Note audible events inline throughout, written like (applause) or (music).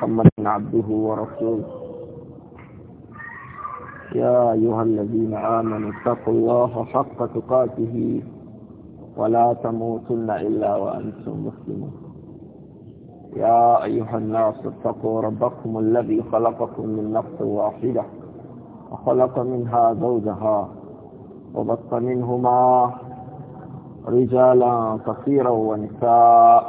محمد عبده ورسوله يا أيها الذين آمنوا اتقوا الله حق تقاته ولا تموتن إلا وأنتم مسلمون يا أيها الناس اتقوا ربكم الذي خلقكم من نفس واحدة وخلق منها زوجها وبط منهما رجالا كثيرا ونساء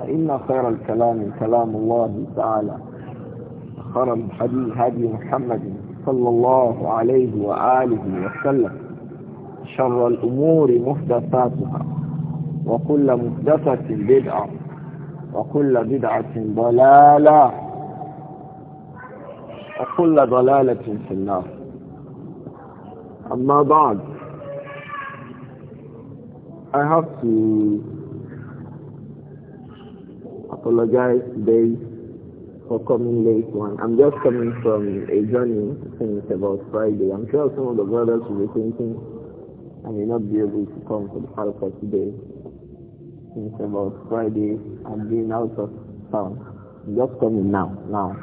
فإن خير الكلام كلام الله تعالى خير الحديث هدي محمد صلى الله عليه وآله وسلم شر الأمور محدثاتها وكل محدثة بدعة وكل بدعة ضلالة وكل ضلالة في النار أما بعد I have to apologize today for coming late one. I'm just coming from a journey since about Friday. I'm sure some of the brothers will be thinking I may not be able to come to the Alpha today. Since about Friday, I'm being out of town. I'm just coming now, now.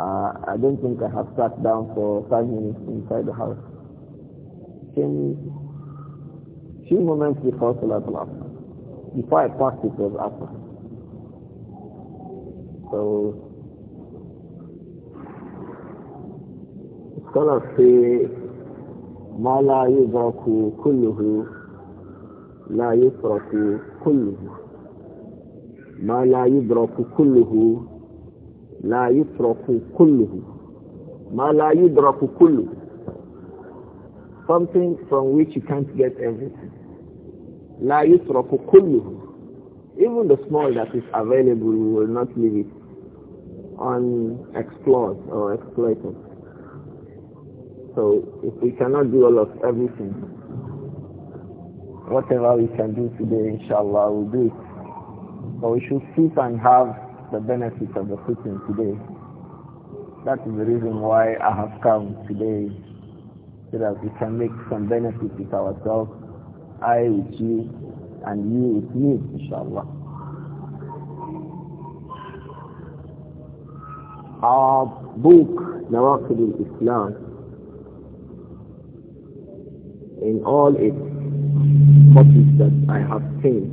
Uh, I don't think I have sat down for five minutes inside the house. Came few moments before Salat al Before I passed it was after. So, scholars say, ما لا يدرك كله لا يترك كله ما لا يدرك كله لا يترك كله ما لا يدرك كله something from which you can't get everything لا يترك كله even the small that is available you will not leave it unexplored or exploited. So if we cannot do all of everything, whatever we can do today, inshallah, we'll do it. But we should sit and have the benefit of the sitting today. That is the reason why I have come today, so that we can make some benefit with ourselves, I with you, and you with me, inshallah. our book, Nawakid islam in all its copies that I have seen,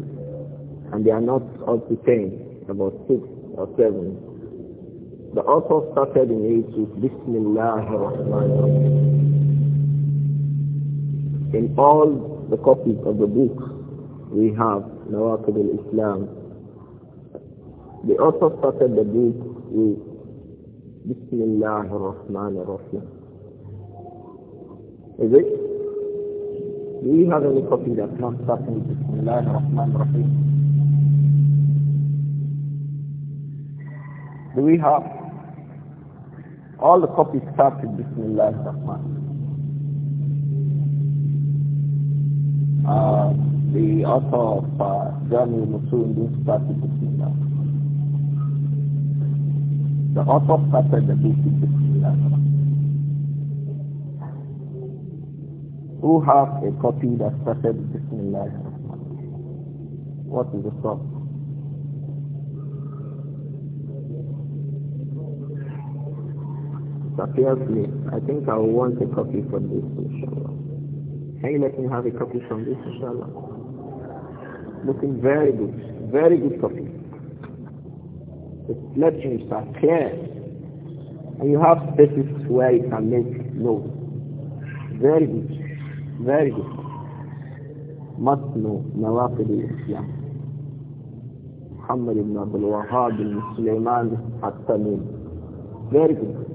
and they are not all to ten, about six or seven, the author started in it with Bismillah In all the copies of the book, we have Nawakid al-Islam. The author started the book with بسم الله الرحمن الرحيم Is it? Do you have any copy that's not starting with بسم الله الرحمن الرحيم? Do we have? All the copies start with Bismillah الله الرحمن uh, the author of uh, Jamil Musul didn't start with Bismillah. The author started the book the Bismillah. Who have a copy that started Bismillah? What is the problem? It appears late. I think I want a copy from this, inshallah. Can you let me have a copy from this, inshallah? Looking very good. Very good copy. The legends are clear. And you have places where you can make notes. Very good. Very good. متن نوافل الإسلام محمد بن عبد الوهاب بن سليمان التميمي Very good.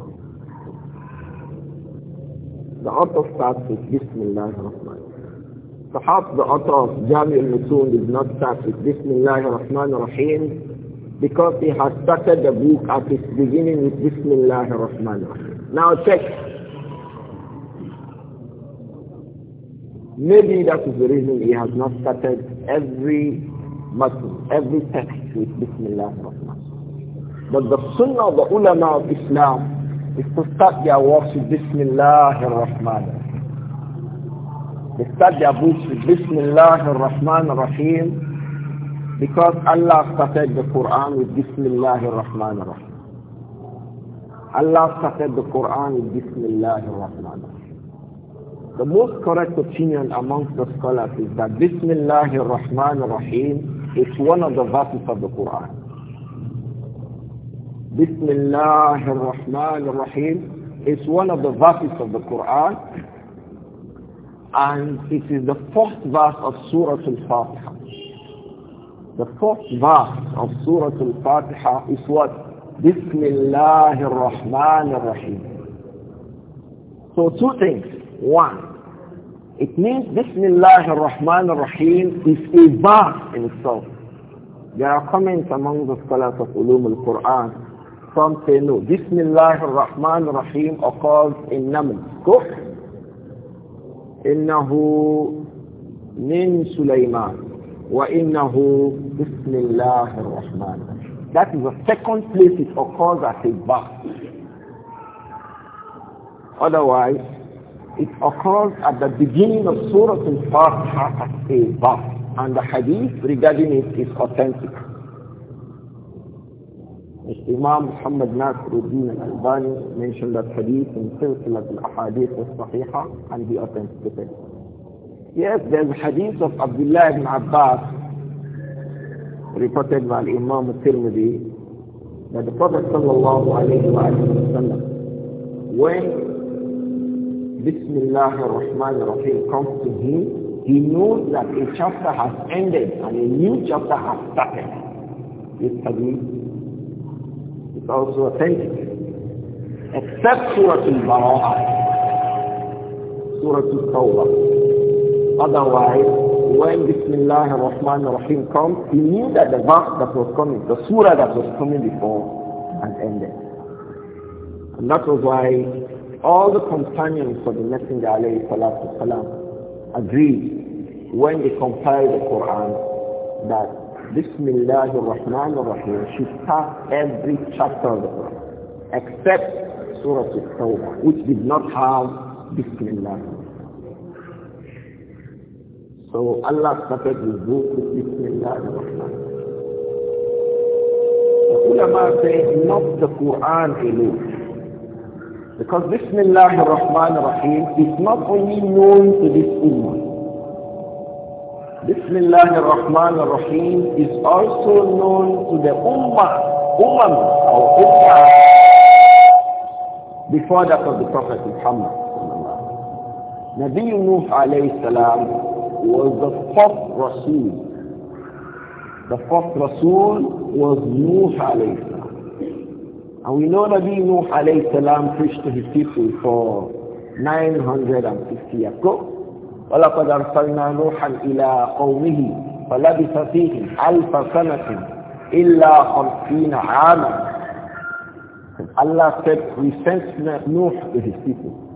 The author starts with Bismillah ar-Rahman. Perhaps the author of Jami al-Mutun did not start with Bismillah ar-Rahman ar-Rahim because he has started the book at its beginning with Bismillah ar-Rahman Now check. Maybe that is the reason he has not started every Muslim, every text with Bismillah ar-Rahman But the sunnah of the ulama of Islam is to start their works with Bismillah ar-Rahman They start their books with Bismillah ar-Rahman ar-Rahim because Allah started the Quran with Bismillahir Rahmanir Rahim. Allah started the Quran with Bismillahir Rahmanir Rahim. The most correct opinion amongst the scholars is that Bismillahir Rahmanir Rahim is one of the verses of the Quran. Bismillahir Rahmanir Rahim is one of the verses of the Quran and it is the first verse of Surah Al-Fatiha. The fourth verse of Surah Al-Fatiha is what? Bismillah ar-Rahman ar-Rahim. So two things. One, it means Bismillah ar-Rahman ar-Rahim is a verse in itself. There are comments among the scholars of Ulum al-Quran. Some say no. Bismillah ar-Rahman ar-Rahim occurs in Naml. Go. إنه من سليمان وَإِنَّهُ بِسْمِ اللَّهِ الرَّحْمَنِ That is the second place it occurs as a verb. Otherwise, it occurs at the beginning of Surah Al-Fatiha as a verb. And the hadith regarding it is authentic. Imam Muhammad Nasruddin al-Albani mentioned that hadith in Surah al-Ahadith al-Sahihah and he authenticated it. Yes, there's a hadith of Abdullah ibn Abbas reported by Imam al-Tirmidhi that the Prophet sallallahu alayhi wa sallam when Bismillah ar-Rahman ar-Rahim comes to him, he knows that a chapter has ended and a new chapter has started. This hadith is also authentic. Except Surah Al-Bara'ah, Surah Al-Tawbah. Otherwise, when Bismillah ar-Rahman ar-Rahim comes, he knew that the verse that was coming, the surah that was coming before, had ended. And that was why all the companions of the Messenger salam agreed when they compiled the Quran that Bismillah ar-Rahman ar-Rahim should start every chapter of the Quran except Surah Al-Tawbah which did not have Bismillah. So Allah started with book Bismillah ar-Rahman. The ulama say not the Quran alone. Because Bismillah ar-Rahman ar-Rahim is not only known to this ummah. Bismillah ar-Rahman ar-Rahim is also known to the ummah, ummah or ummah before that of the Prophet Muhammad. Nabi Nuh alayhi salam was the first Rasul. The first Rasul was Nuh alayhi salam. And we know Nabi Nuh alayhi salam preached to his people for 950 years ago. ولقد أرسلنا نوحا إلى قومه فلبث فيهم ألف سنة إلا خمسين عاما. Allah said, we sent Nuh to his people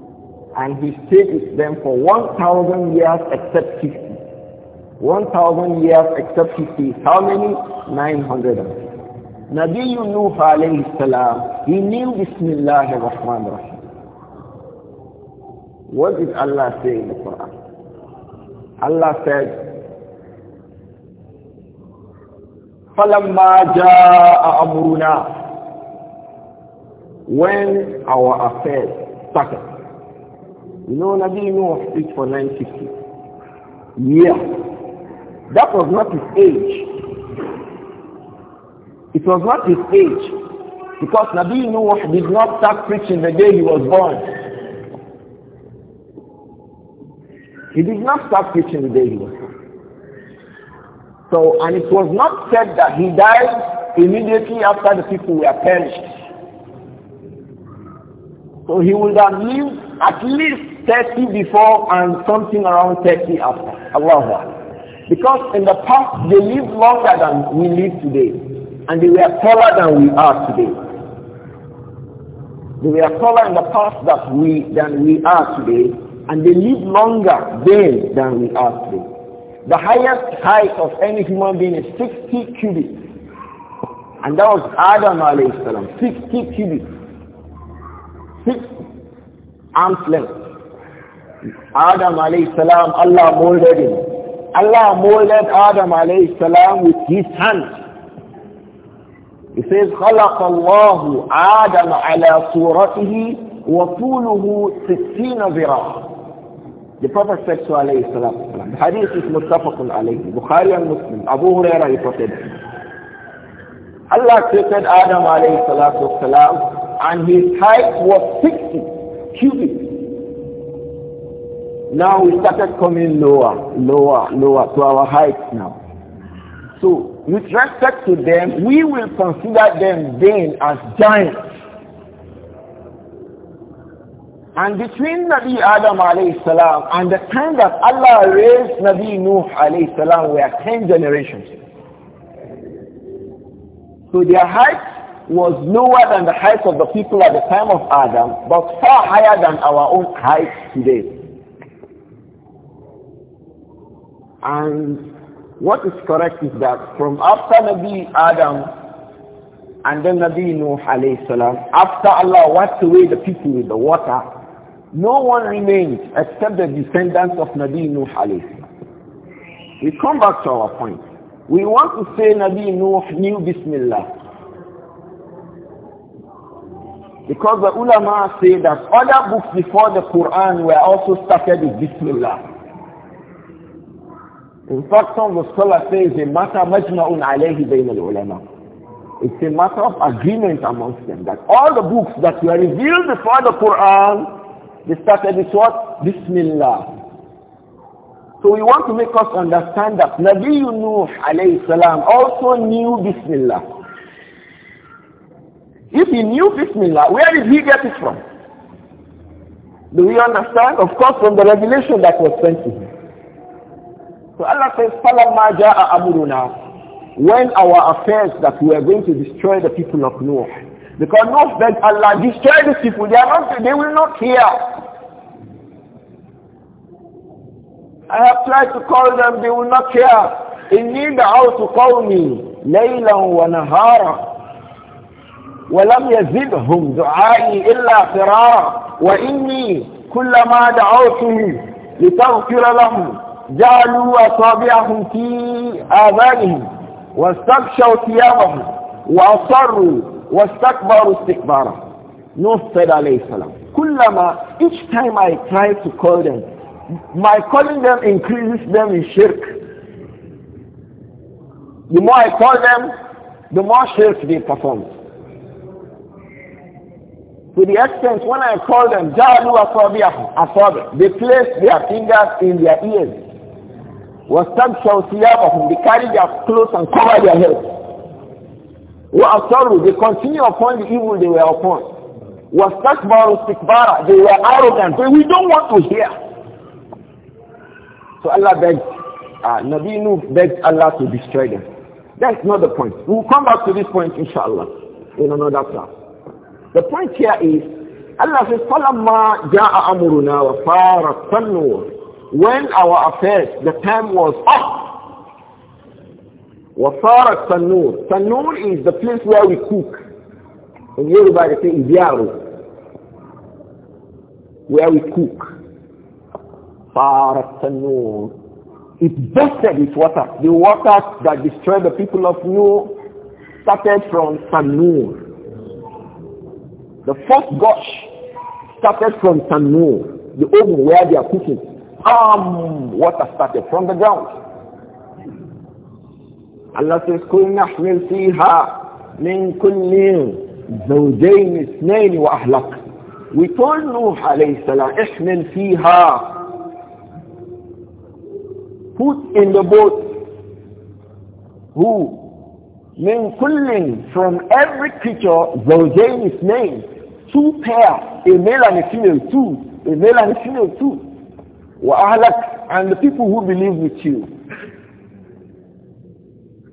and he stayed with them for 1,000 years except 50. 1,000 years except 50. How many? 900. Nabi Nuh alayhi salam, he knew Bismillah ar-Rahman ar-Rahim. What did Allah say in the Quran? Allah said, فَلَمَّا جَاءَ أَمْرُنَا When our affairs started, you know, Nabi Noah speak for 950 years. That was not his age. It was not his age. Because Nabi Noah did not start preaching the day he was born. He did not start preaching the day he was born. So, and it was not said that he died immediately after the people were perished. So he would have lived at least 30 before and something around 30 after. Allah. Because in the past, they lived longer than we live today. And they were taller than we are today. They were taller in the past that we, than we are today. And they lived longer then than we are today. The highest height of any human being is 60 cubits. And that was Adam alayhi salam, 60 cubits. Six arms length. Adam alayhi salam, Allah molded him. Allah molded Adam alayhi salam with his hand. He says, خلق الله آدم على صورته وطوله ستين ذراعا. The Prophet said to alayhi salam, the hadith is muttafaqun alayhi, Bukhari and Muslim, Abu Huraira reported. Allah created Adam alayhi salatu salam and his height was 60 cubits. Now we started coming lower, lower, lower to our height now. So with respect to them, we will consider them then as giants. And between Nabi Adam salam and the time that Allah raised Nabi Nuh alayhi salam were 10 generations. So their height was lower than the height of the people at the time of Adam, but far higher than our own height today. And what is correct is that from after Nabi Adam and then Nabi Nuh alayhi salam, after Allah wiped away the people with the water, no one remained except the descendants of Nabi Nuh alayhi salam. We come back to our point. We want to say Nabi Nuh knew Bismillah. Because the ulama say that other books before the Quran were also started with Bismillah. In fact, some of the scholars say it's a matter majma'un alayhi bayn al-ulama. It's a matter of agreement amongst them that all the books that were revealed before the Quran, they started with what? Bismillah. So we want to make us understand that Nabi Nuh alayhi salam also knew Bismillah. If he knew Bismillah, where did he get it from? Do we understand? Of course, from the revelation that was sent to him. So Allah says, فَلَمَّا جَاءَ When our affairs that we are going to destroy the people of Noah. Because Noah begged Allah, destroy these people. They, are not, they will not hear. I have tried to call them, they will not hear. إِنِّي دَعَوْتُ قَوْمِي لَيْلًا وَنَهَارًا ولم يزدهم دعائي إلا فرارا وإني كلما دعوتهم لتغفر لهم جعلوا أصابعهم في آذانهم واستغشوا ثيابهم وأصروا واستكبروا استكبارا Nuh said alayhi salam, كلما each time I try to call them, my calling them increases them in shirk. The more I call them, the more shirk they perform. To the extent when I call them, Jalu Asabi, they place their fingers in their ears. واستبشوا ثيابهم they carry their clothes and cover their heads وأصروا they continue upon the evil they were upon واستكبروا استكبارا they were arrogant But we don't want to hear so Allah begged uh, ah, Nabi Nuh begged Allah to destroy them that's not the point we will come back to this point inshallah in another class the point here is Allah says فَلَمَّا جَاءَ أَمُرُنَا وَفَارَ التَّنُّورِ when our affairs, the time was up. وصارت تنور تنور is the place where we cook And everybody say ibiaru where we cook Farat تنور it bursted with water the water that destroyed the people of New started from Tanur the first gush started from Tanur the oven where they are cooking um, water started from the ground. Allah says, كُلْ نَحْمِلْ فِيهَا مِنْ كُلِّ زَوْجَيْنِ اثْنَيْنِ وَأَهْلَكَ We told Nuh alayhi salam, احْمِلْ فِيهَا Put in the boat who? مِنْ كُلٍ From every creature, زَوْجَيْنِ اثْنَيْنِ Two pairs, a male and a female, two. A male and a female, two. And the people who believe with you.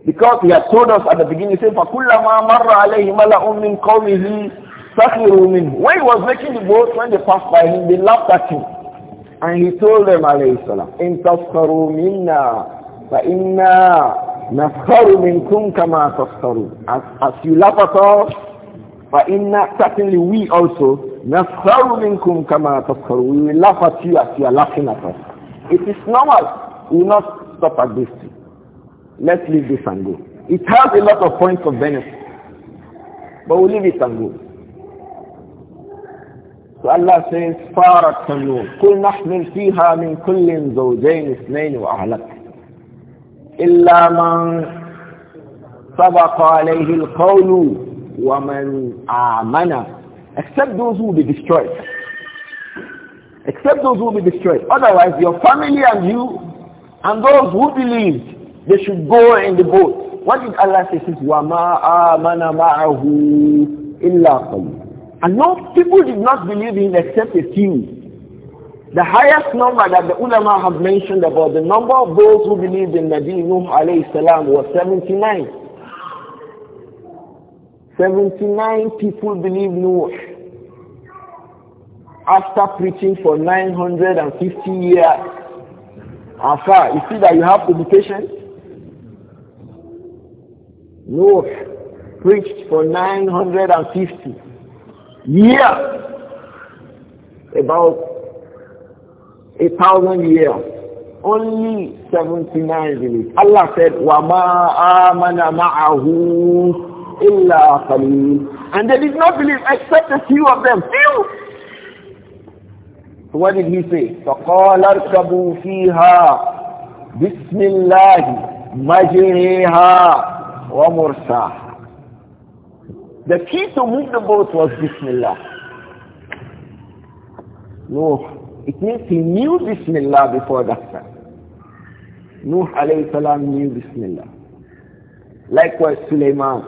Because he had told us at the beginning, he said, فَكُلَّمَا marra عَلَيْهِ مَلَأٌ مِّن قَوْمِهِ سَخِرُوا مِنْهُ When he was making the boat, when they passed by him, they laughed at him. And he told them, alayhi salam, إِن تَسْخَرُوا مِنَّا فَإِنَّا نَسْخَرُ مِنْكُمْ كَمَا تَسْخَرُوا As, as you laugh at us, inna Certainly we also, نَسْخَرُ مِنْكُمْ كَمَا تَسْخَرُ We will laugh at you as you are laughing at us. It is normal. We will not stop at this. Let's leave this and go. It has a lot of points of benefit. But we'll leave it and go. So Allah says, فَارَتْ تَنُّونَ قُلْ نَحْمِلْ فِيهَا مِنْ كُلٍّ زَوْجَيْنِ اثْنَيْنِ وَأَهْلَكَ إِلَّا مَنْ سَبَقَ عَلَيْهِ الْقَوْلُ وَمَنْ آمَنَ Except those who will be destroyed. Except those who will be destroyed. Otherwise, your family and you and those who believed, they should go in the boat. What did Allah say? Says, وَمَا آمَنَ مَعَهُ إِلَّا قَلِيلٌ And no, people did not believe in except a few. The highest number that the ulama have mentioned about the number of those who believed in Nabi Nuh salam was 79. 79 people believed Nuh after preaching for 950 years. Afar, you see that you have to be patient. Noah preached for 950 years, about a thousand years. Only 79 believe. Allah said, وَمَا آمَنَ مَعَهُ إِلَّا قَلِيلٌ And they did not believe except a few of them. Few! what did he say? فَقَالَ ارْكَبُوا فِيهَا بِسْمِ اللَّهِ مَجْرِيهَا وَمُرْسَاهَا The key to move the boat was Bismillah. No, it means he knew Bismillah before that time. Nuh alayhi salam knew Bismillah. Likewise Sulaiman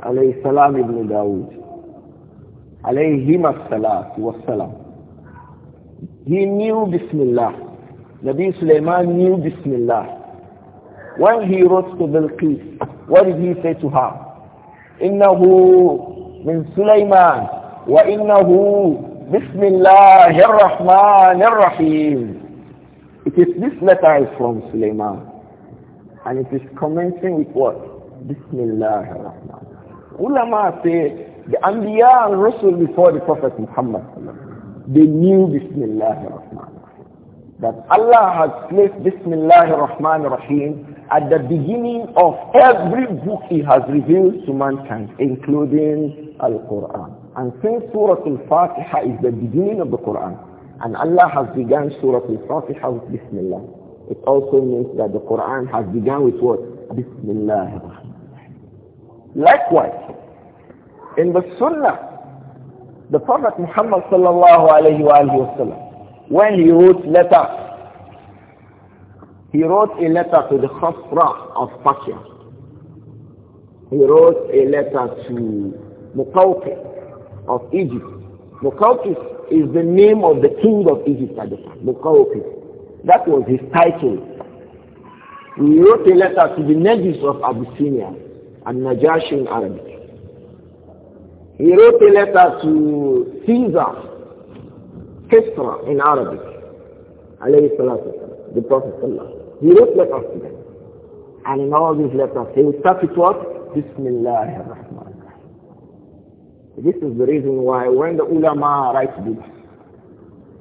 alayhi salam ibn Dawud alayhim as-salatu salam He knew Bismillah. Nabi Sulaiman knew Bismillah. When he wrote to Bilqis, what did he say to her? إِنَّهُ مِنْ سُلَيْمَانَ وَإِنَّهُ بِسْمِ اللَّهِ الرَّحْمَنِ الرَّحِيمِ It is this letter is from Sulaiman. And it is commencing with what? Bismillah rahman Ulama say the Anbiya and Rasul before the Prophet Muhammad they knew Bismillah ar-Rahman that Allah has placed Bismillah ar-Rahman ar-Rahim at the beginning of every book He has revealed to mankind, including Al-Quran. And since Surah Al-Fatiha is the beginning of the Quran, and Allah has begun Surah Al-Fatiha with Bismillah, it also means that the Quran has begun with what? Bismillah ar-Rahman. Likewise, in the Sunnah, the Prophet Muhammad sallallahu alayhi wa sallam, when he wrote letter, he wrote a letter to the Khosra of Persia. He wrote a letter to Muqawqi of Egypt. Muqawqi is the name of the king of Egypt at the time, Muqawqi. That was his title. He wrote a letter to the Najis of Abyssinia and Najashi in Arabic. He wrote a letter to Caesar, Kisra in Arabic, alayhi salatu, the Prophet Allah. He wrote letters to them. And in all these letters, he would start with what? Bismillah ar-Rahman This is the reason why when the ulama write books,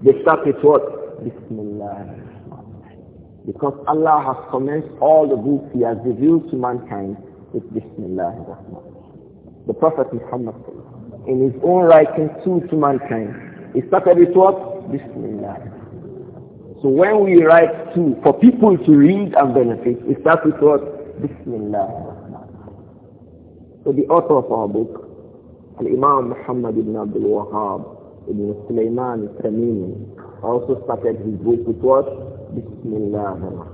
they start with what? Bismillah Because Allah has commenced all the books he has revealed to mankind with Bismillah ar-Rahman the Prophet Muhammad in his own writing to, to mankind. He started with what? Bismillah. So when we write to, for people to read and benefit, it starts with what? Bismillah. So the author of our book, Al-Imam Muhammad ibn Abdul Wahhab ibn Sulaiman Tamimi, also started his book with what? Bismillah.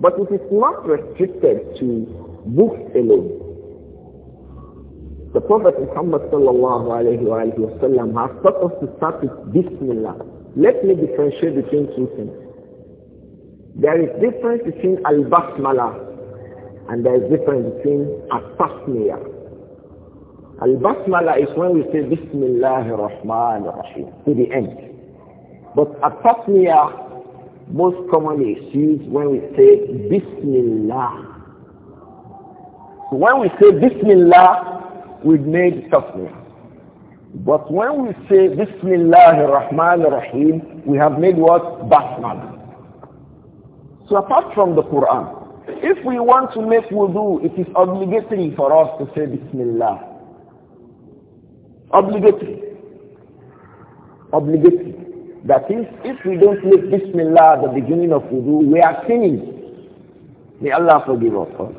But it is not restricted to books alone. The Prophet Muhammad sallallahu alayhi wa alayhi wa sallam has taught us to start with Bismillah. Let me differentiate between two things. There is difference between Al-Basmala and there is difference between Al-Tasmiyah. Al-Basmala is when we say Bismillah ar rahim to the end. But Al-Tasmiyah most commonly is used when we say Bismillah. So when we say Bismillah, we've made tasmiyah. But when we say Bismillah ar-Rahman ar-Rahim, we have made what? Basmala. So apart from the Quran, if we want to make wudu, it is obligatory for us to say Bismillah. Obligatory. Obligatory. That is, if we don't make Bismillah at the beginning of wudu, we are sinning. May Allah forgive us.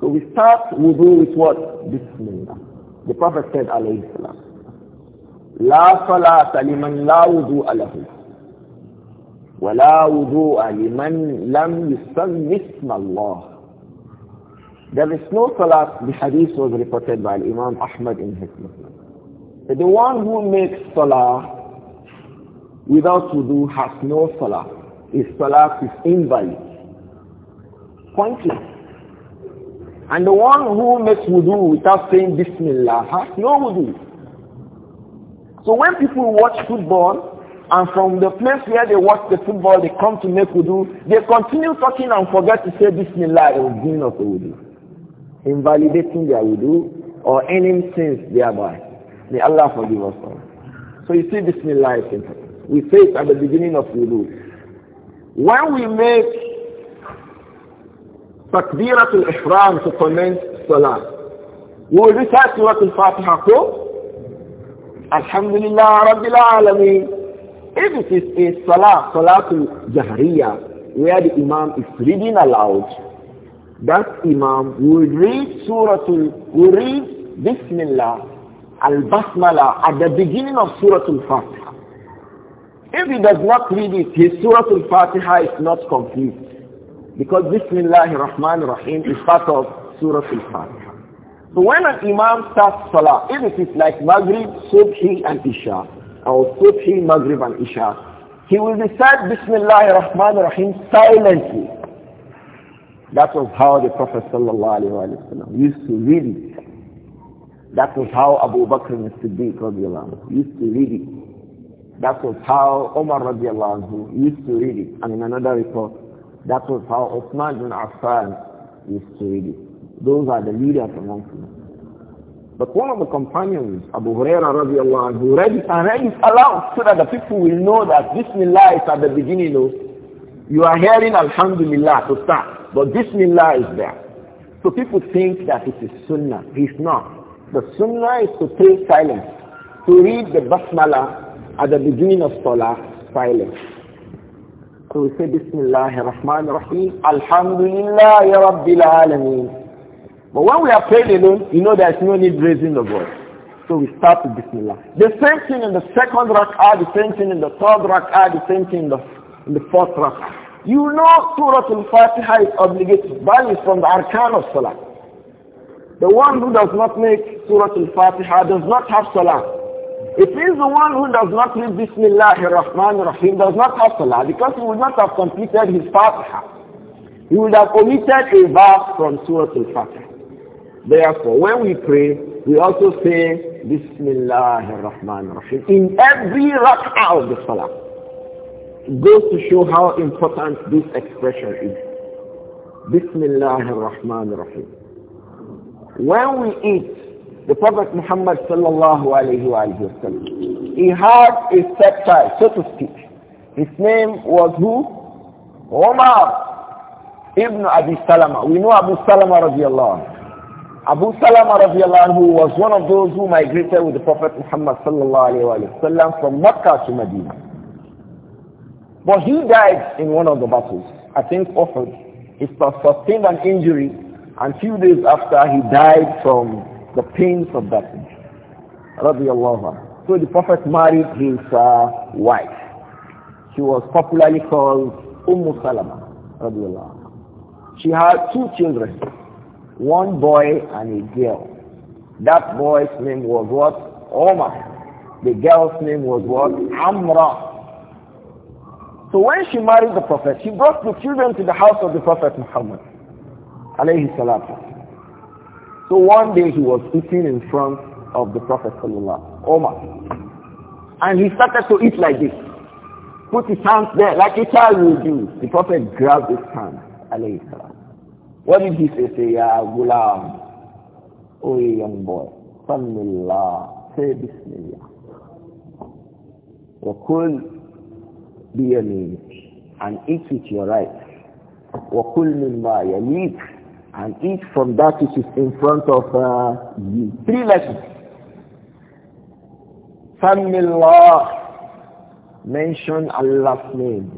So we start wudu with what? Bismillah. The Prophet said, alayhi salam, لا صلاة لمن لا وضوء له ولا وضوء لمن لم يسمى اسم الله There is no salat, the hadith was reported by Imam Ahmad in his Muslim. The one who makes salah without wudu has no salah. His salah is invalid. Pointless. And the one who makes wudu without saying Bismillah has no wudu. So when people watch football, and from the place where they watch the football, they come to make wudu, they continue talking and forget to say Bismillah in the beginning of the wudu, invalidating their wudu or any sins thereby. May Allah forgive us all. So you see Bismillah is important. We say it at the beginning of wudu. When we make Takbiratul Ihram to commence Salah. We will recite Surah Al-Fatiha to Alhamdulillah Rabbil Alameen. If it is a Salah, Salatul Jahriya, where the Imam is reading aloud, that Imam will read Suratul, will read Bismillah al-Basmala at the beginning of Surah Al-Fatiha. If he does not read it, his Surah Al-Fatiha is not complete. Because Bismillah ar-Rahman rahim is part of Surah Al-Fatiha. So when an Imam starts Salah, if it is like Maghrib, Subhi and Isha, or Subhi, Maghrib and Isha, he will recite Bismillah ar-Rahman rahim silently. That was how the Prophet wasallam used to read it. That was how Abu Bakr and Siddiq used to read it. That was how Omar anhu used to read it. And in another report, that was how Uthman bin Affan used to read it. Those are the leaders among them. But one of the companions, Abu Hurairah radiallahu anhu, read it and read it aloud so that the people will know that Bismillah is at the beginning of, oh. you are hearing Alhamdulillah to start, but Bismillah is there. So people think that it is Sunnah. It's not. The Sunnah is to pray silence, to read the Basmala at the beginning of Salah, silence. So we say Bismillah ar-Rahman ar-Rahim, Alhamdulillah Ya Rabbil Alameen. But when we are praying alone, you know there is no need raising the voice. So we start with Bismillah. The same thing in the second rak'ah, the same thing in the third rak'ah, the same thing in the, in the fourth rak'ah. You know Surah Al-Fatiha is obligatory. That is from the arkan of Salah. The one who does not make Surah Al-Fatiha does not have Salah. It means the one who does not read Bismillah ar-Rahman rahim does not have Salah because he would not have completed his Fatiha. He would have omitted a verse from Surah Al-Fatiha. Therefore, when we pray, we also say Bismillah ar-Rahman rahim in every rak'ah of the Salah. It goes to show how important this expression is. Bismillah ar-Rahman rahim When we eat, the Prophet Muhammad sallallahu alayhi wasallam, he had a stepchild, so to speak. His name was who? Omar ibn Abi Salama. We know Abu Salama radiallahu anhu. Abu Salama radiallahu anhu was one of those who migrated with the Prophet Muhammad sallallahu alayhi wasallam from Mecca to Medina. But he died in one of the battles. I think Uhud. He sustained an injury and few days after he died from the pains of that Radiallahu So the Prophet married his uh, wife. She was popularly called Umm Salama. Radiallahu She had two children, one boy and a girl. That boy's name was what? Omar. The girl's name was what? Amra. So when she married the Prophet, she brought the children to the house of the Prophet Muhammad. Alayhi salatu so one day he was sitting in front of the Prophet Sallallahu Omar. And he started to eat like this. Put his hands there, like a child will do. The Prophet grabbed his hand, alayhi salam. What did he say? Say, Ya Ghulam, O oh, young boy, Sallallahu, say Bismillah. وَكُلْ بِيَمِينِكَ And eat with your right. وَكُلْ مِمَّا يَلِيكَ and eat from that which is in front of uh, you. Three lessons. Sammillah. Mention Allah's name.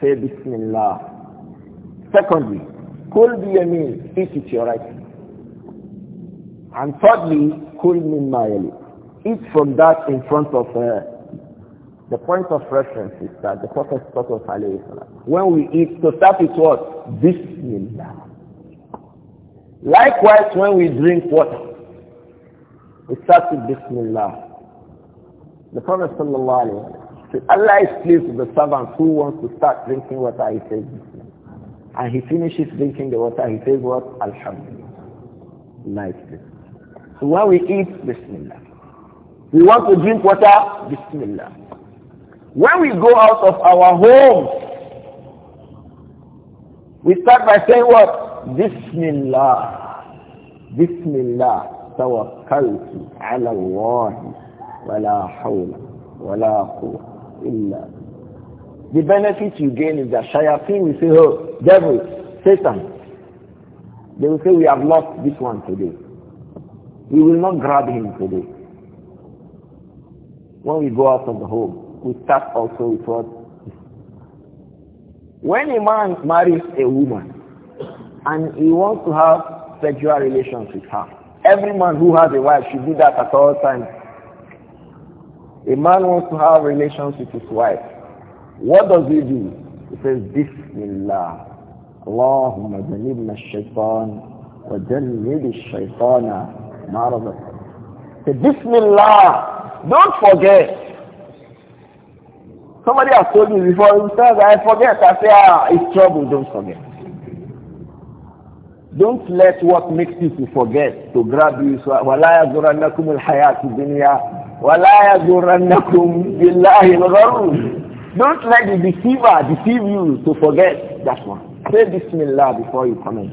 Say Bismillah. Secondly, Kul biyamin. Eat with your right And thirdly, Kul min mayali. Eat from that in front of uh, the point of reference is that the Prophet taught us, when we eat, to start with what? Bismillah. Likewise, when we drink water, we start with Bismillah. The Prophet sallallahu said, Allah is pleased with the servant who wants to start drinking water, he says Bismillah. And he finishes drinking the water, he says what? Alhamdulillah. Like this. So when we eat, Bismillah. We want to drink water, Bismillah. When we go out of our homes, we start by saying what? بسم الله توكلت على الله ولا حول ولا قوة إلا The benefit you gain is that shayateen will say, oh, devil, Satan. They will say, we have lost this one today. We will not grab him today. When we go out of the home, we start also with what? When a man marries a woman, and he wants to have sexual relations with her. Every man who has a wife should do that at all times. A man wants to have relations with his wife. What does he do? He says, Bismillah. Allahumma janibna shaitan wa janibi shaitana ma'arabat. Say, Bismillah. Don't forget. Somebody has told me before, he says, I forget. I say, ah, it's trouble. Don't forget. Don't let what makes people forget to grab you. وَلَا يَزُرَنَّكُمُ الْحَيَاةُ الدُّنْيَا وَلَا يَزُرَنَّكُمْ بِاللَّهِ الْغَرُورُ Don't let the deceiver deceive you to forget that one. Say Bismillah before you come in.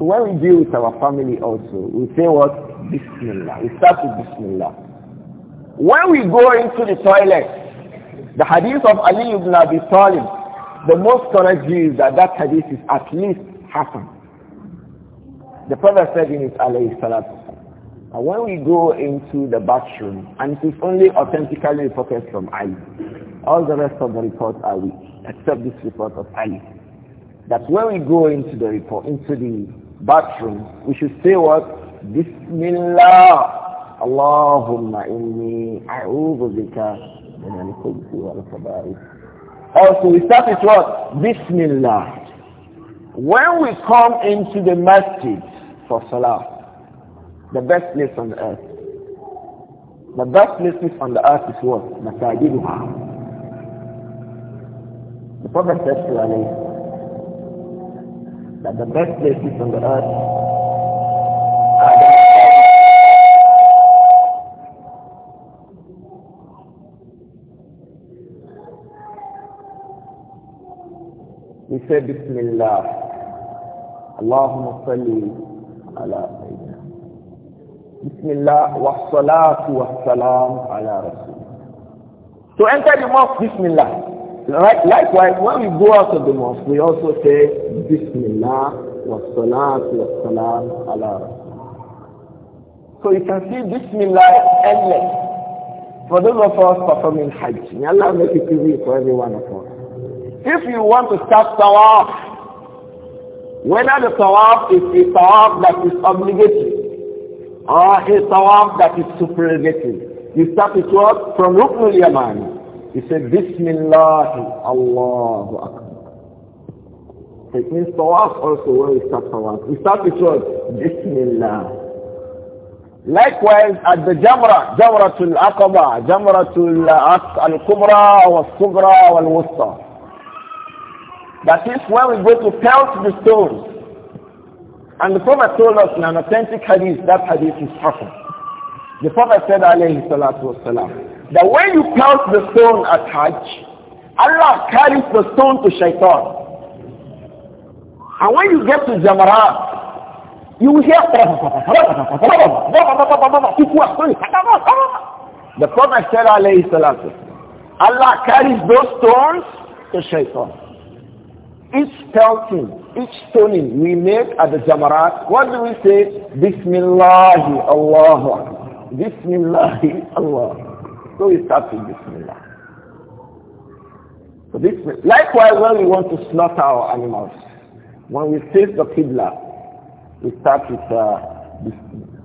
So when we deal with our family also, we say what? Bismillah. We start with Bismillah. When we go into the toilet, the hadith of Ali ibn Abi Talib, the most correct view is that that hadith is at least happened. The Prophet said in his alayhi salatu and when we go into the bathroom, and it is only authentically reported from Ali, all the rest of the reports are weak, except this report of Ali. That when we go into the report, into the bathroom, we should say what? Bismillah. Allahumma inni a'udhu bika min al-khubthi wal Also, we start with what? Bismillah. When we come into the masjid, for salah. The best place on the earth. The best place on the earth is what? Masajiduha. The Prophet says to Ali that the best place on the earth are the He said, Bismillah, Allahumma salli على سيدنا بسم الله والصلاة والسلام على رسول To enter the mosque, Bismillah. Right, likewise, when we go out of the mosque, we also say Bismillah والصلاة والسلام على رسول So you can see Bismillah endless. For those of us performing Hajj, may Allah make it easy for every one of us. If you want to start Tawaf, whether the tawaf is a tawaf that is obligatory or a tawaf that is supererogatory. You start with what? From Ruknul Yaman. You say, Bismillah, Allahu Akbar. It means tawaf also when we start tawaf. We start with what? Bismillah. Likewise at the Jamra, Jamratul Aqaba, Jamratul Al-Kubra, Wal-Sugra, Wal-Wusta. That is when we go to pelt the stones. And the Prophet told us in an authentic hadith, that hadith is Hassan. The Prophet said, alayhi salatu wasalam, that when you pelt the stone at Hajj, Allah carries the stone to shaitan. And when you get to Jamarat, you will hear the Prophet said alayhi salatu Allah carries those stones to shaitan each pelting, each stoning we make at the Jamarat, what do we say? Bismillah, Allah. Bismillah, Allah. So we start with Bismillah. So this, likewise, when we want to slaughter our animals, when we face the Qibla, we start with uh, Bismillah.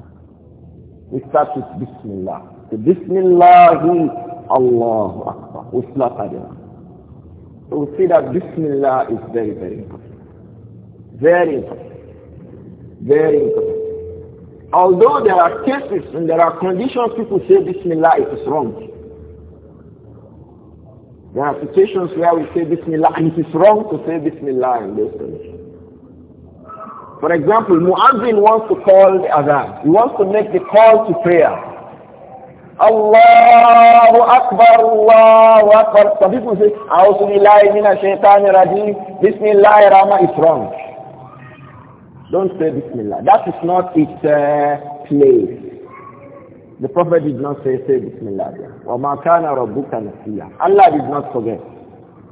We start with Bismillah. So Bismillah, Allah, Akbar. We slaughter them we see that Bismillah is very, very important. Very important. Very important. Although there are cases and there are conditions people say Bismillah it is wrong. There are situations where we say Bismillah and it is wrong to say Bismillah in those conditions. For example, Muazzin wants to call the Adhan. He wants to make the call to prayer. Allahu Akbar, Allahu Akbar. Some people say, Auzubillahi mina shaitani rajim, Bismillahir Rahman is wrong. Don't say Bismillah. That is not its uh, place. The Prophet did not say, say Bismillah. وَمَا كَانَ رَبُّكَ نَسِيًّا Allah did not forget.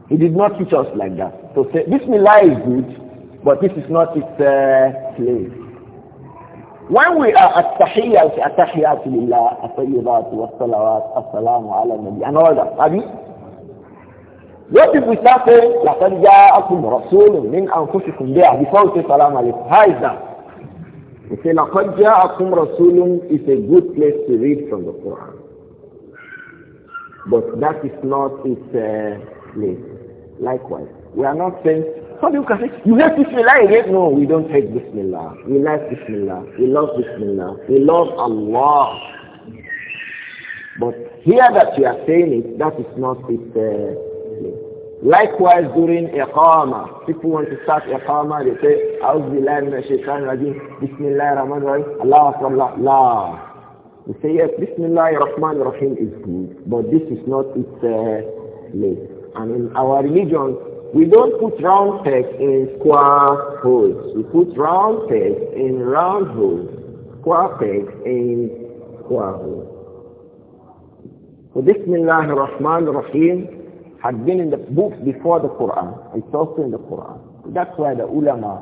He did not teach us like that. So say, Bismillah is good, but this is not its uh, place. When we are at tahiyyat, at lillah, at-tayyibat, wa-salawat, as-salamu ala nabi, and all that, have you? What if we start saying, لَقَدْ جَاءَكُمْ رَسُولٌ مِنْ أَنفُسِكُمْ there, before we say salam alaikum, how is that? We say, لَقَدْ جَاءَكُمْ رَسُولٌ is a good place to read from the Quran. But that is not its uh, place. Likewise, we are not saying some people can say, you hate Bismillah again? No, we don't hate Bismillah. We like Bismillah. We love Bismillah. We love Allah. But here that you are saying it, that is not it. uh, Likewise during Iqama, people want to start Iqama, they say, A'udhu min shaitan rajim, Bismillah rahman rahim, Allah Allah, La. They say, yes, Bismillah rahman rahim is good, but this is not its uh, place. And in our religion, we don't put round pegs in square holes. We put round pegs in round holes, square pegs in square holes. So Bismillah ar-Rahman rahim had been in the book before the Quran. It's also in the Quran. That's why the ulama,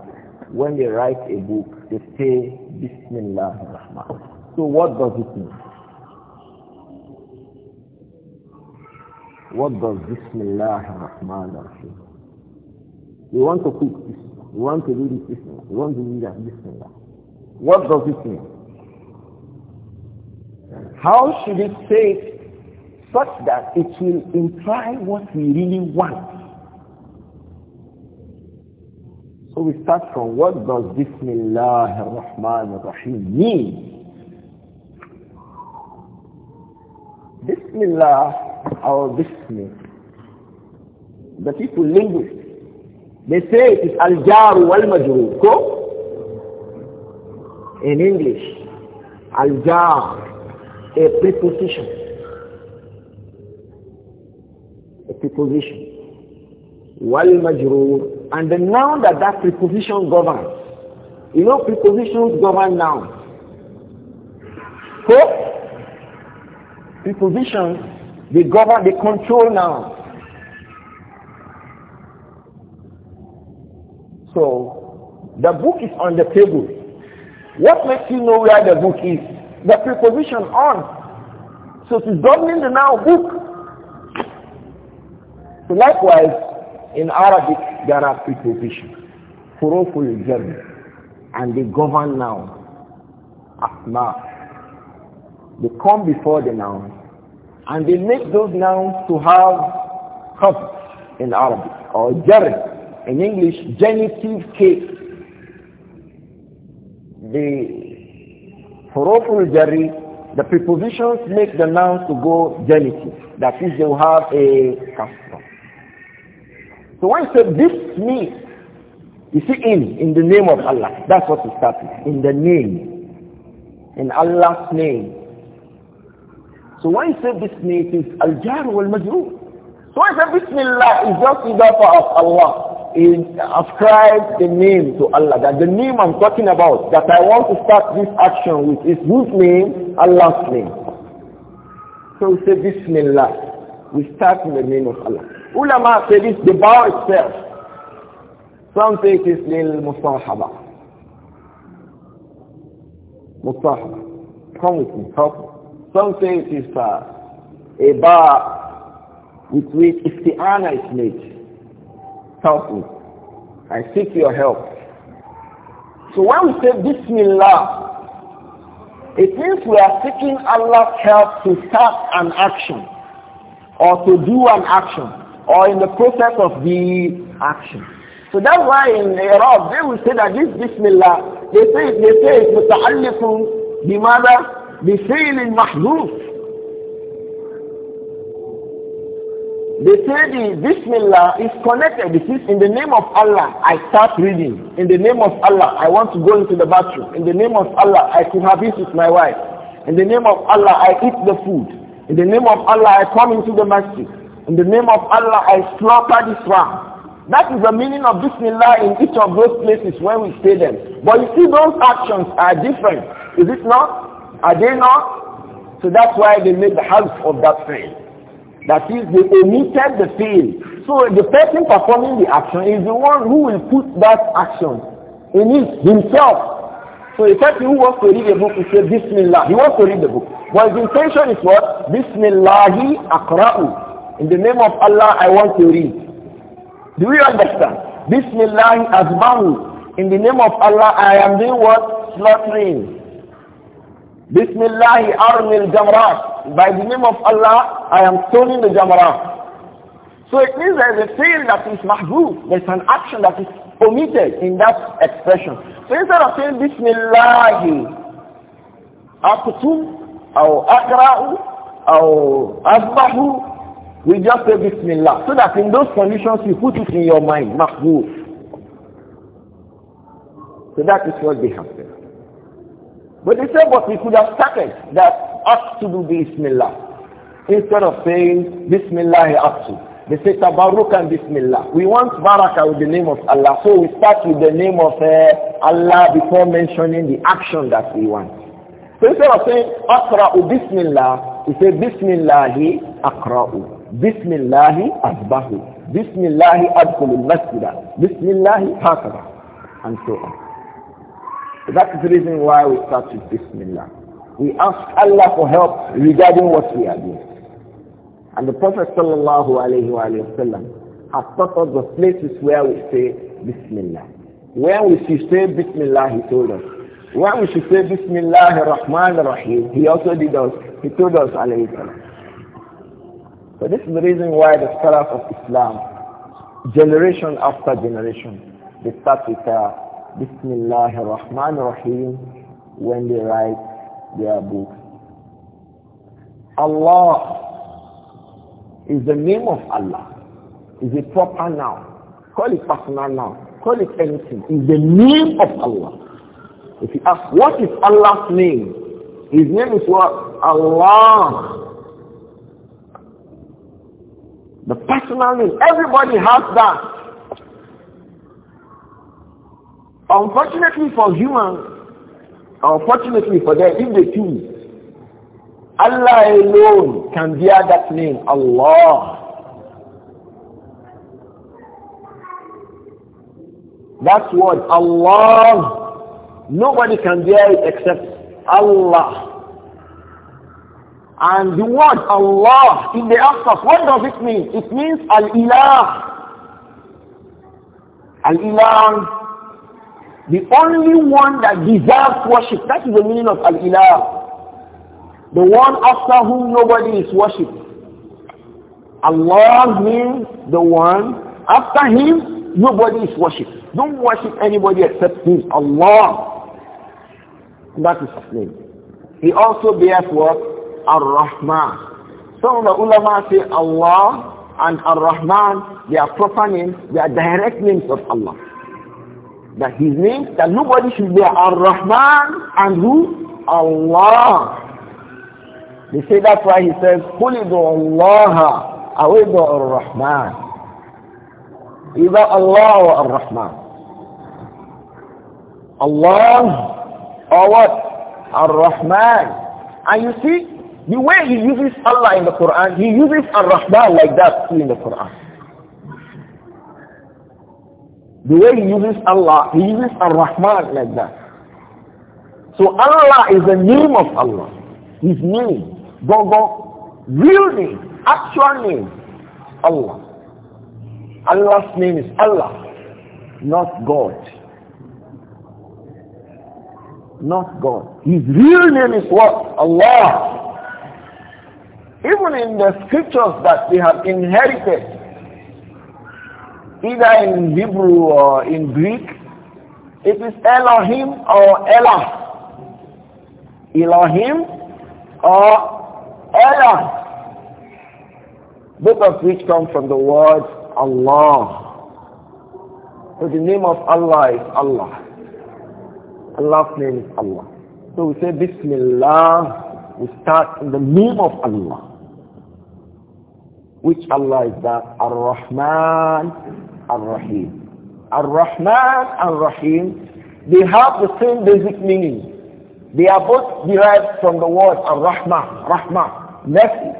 when they write a book, they say Bismillah ar-Rahman. So what does it mean? What does Bismillah ar-Rahman ar-Rahim we want to cook this. We want to do this thing. We want to do that this thing. What does it mean? How should it say it such that it will imply what we really want? So we start from what does Bismillah ar-Rahman ar-Rahim mean? Bismillah or Bismillah. The people linguist. They say it is al-jaru majruko In English, al-jar, a preposition. A preposition. wal majru And the noun that that preposition governs. You know prepositions govern nouns. So, prepositions, they govern, they control nouns. So the book is on the table. What makes you know where the book is? The preposition on. So it is governing the noun book. So likewise, in Arabic, there are prepositions. for German. And they govern noun. Asma. They come before the noun. And they make those nouns to have khaf in Arabic or jar in English, genitive case. The huruful jari, the prepositions make the noun to go genitive. That is, they will have a custom. So when you say this me, you see in, in the name of Allah. That's what we start with. In the name. In Allah's name. So when you say this name, it is Al-Jar wal-Majrur. So when you say Bismillah, it's just Idafa of Allah is ascribe the name to Allah. That the name I'm talking about, that I want to start this action with, is whose name? Allah's name. So we say Bismillah. We start in the name of Allah. Ulama say this, the bow itself. Some say it is lil musahaba. Musahaba. Come with me, help me. Some say it is uh, a bar with which isti'ana is made help me. I seek your help. So when we say Bismillah, it means we are seeking Allah's help to start an action or to do an action or in the process of the action. So that's why in Arab they will say that this Bismillah, they say, they say it's متعلق bimada بفعل محذوف They say the Bismillah is connected. It is in the name of Allah. I start reading. In the name of Allah, I want to go into the bathroom. In the name of Allah, I cohabit with my wife. In the name of Allah, I eat the food. In the name of Allah, I come into the masjid. In the name of Allah, I slaughter this ram. That is the meaning of Bismillah in each of those places when we say them. But you see, those actions are different. Is it not? Are they not? So that's why they made the half of that thing. That is, they omitted the field. So the person performing the action is the one who will put that action in it himself. So the person who wants to read a book will say Bismillah. He wants to read the book. But his intention is what? Bismillahi akra'u. In the name of Allah, I want to read. Do you understand? Bismillahi azbahu. In the name of Allah, I am doing what? Slaughtering. Bismillah armil jamrat. By the name of Allah, I am stoning the jamrat. So it means there is a fail that is mahbub. There is an action that is omitted in that expression. So instead of saying Bismillah, أقتل our akrau, our أذبح we just say Bismillah. So that in those conditions you put it in your mind, mahbub. So that is what they have said. But they said what we could have started that to do Bismillah. Instead of saying Bismillah Aqtubu. They say Tabaruk and Bismillah. We want Baraka with the name of Allah. So we start with the name of uh, Allah before mentioning the action that we want. So instead of saying Akra'u Bismillah, we say Bismillahi Akra'u. Bismillahi Azbahu. Bismillahi Adkhulul Masjidah. Bismillahi Hakara. And so on. That is the reason why we start with Bismillah. We ask Allah for help regarding what we are doing. And the Prophet sallallahu alayhi wa sallam has taught us the places where we say Bismillah. where we should say Bismillah, he told us. where we should say Bismillah ar-Rahman rahim he also did us. He told us alayhi So this is the reason why the scholars of Islam, generation after generation, they start with uh, Bismillah ar-Rahman rahim when they write their books. Allah is the name of Allah. Is a proper noun. Call it personal noun. Call it anything. Is the name of Allah. If you ask, what is Allah's name? His name is what? Allah. The personal name. Everybody has that. Unfortunately for humans, unfortunately for them, if they choose, Allah alone can bear that name, Allah. That word, Allah, nobody can bear it except Allah. And the word Allah, in the ask what does it mean? It means Al-Ilah. Al-Ilah the only one that deserves worship, that is the meaning of Al-Ilah. The one after whom nobody is worshipped. Allah means the one, after him, nobody is worshipped. Don't worship anybody except him, Allah. that is his name. He also bears what? Ar-Rahman. Some of the ulama say Allah and Ar-Rahman, they are proper names, they are direct names of Allah that his name that nobody should be Ar-Rahman and who? Allah. They say that's why he says, Qulidu Allah awidu Ar-Rahman. Either Allah or Ar-Rahman. Allah or what? Ar-Rahman. And you see, the way he uses Allah in the Quran, he uses Ar-Rahman like that too in the Quran. The way he uses Allah, he uses Ar-Rahman like that. So Allah is the name of Allah. His name. Gogo, Real name. Actual name. Allah. Allah's name is Allah. Not God. Not God. His real name is what? Allah. Even in the scriptures that we have inherited, either in Hebrew or in Greek, it is Elohim or Elah. Elohim or Elah. Both of which come from the word Allah. So the name of Allah is Allah. Allah's name is Allah. So we say Bismillah, we start in the name of Allah. Which Allah is that? Ar-Rahman, Ar-Rahim. Ar-Rahman and Rahim, they have the same basic meaning. They are both derived from the word ar rahma Rahmah, mercy.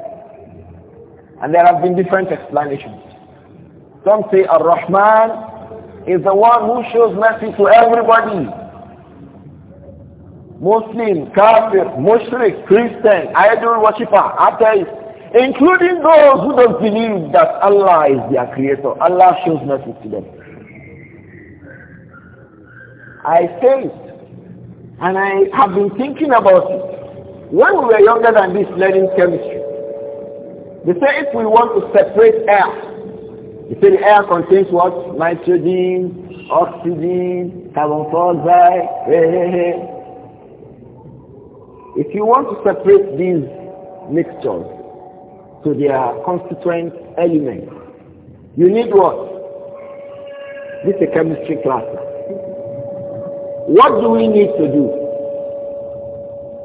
And there have been different explanations. Some say Ar-Rahman is the one who shows mercy to everybody. Muslim, Kafir, Mushrik, Christian, idol worshipper, atheist including those who don't believe that Allah is their creator. Allah shows mercy to them. I say it, and I have been thinking about it. When we were younger than this, learning chemistry, they say if we want to separate air, they say the air contains what? Nitrogen, oxygen, carbon dioxide. if you want to separate these mixtures, to their constituent elements. You need what? This is a chemistry class. What do we need to do?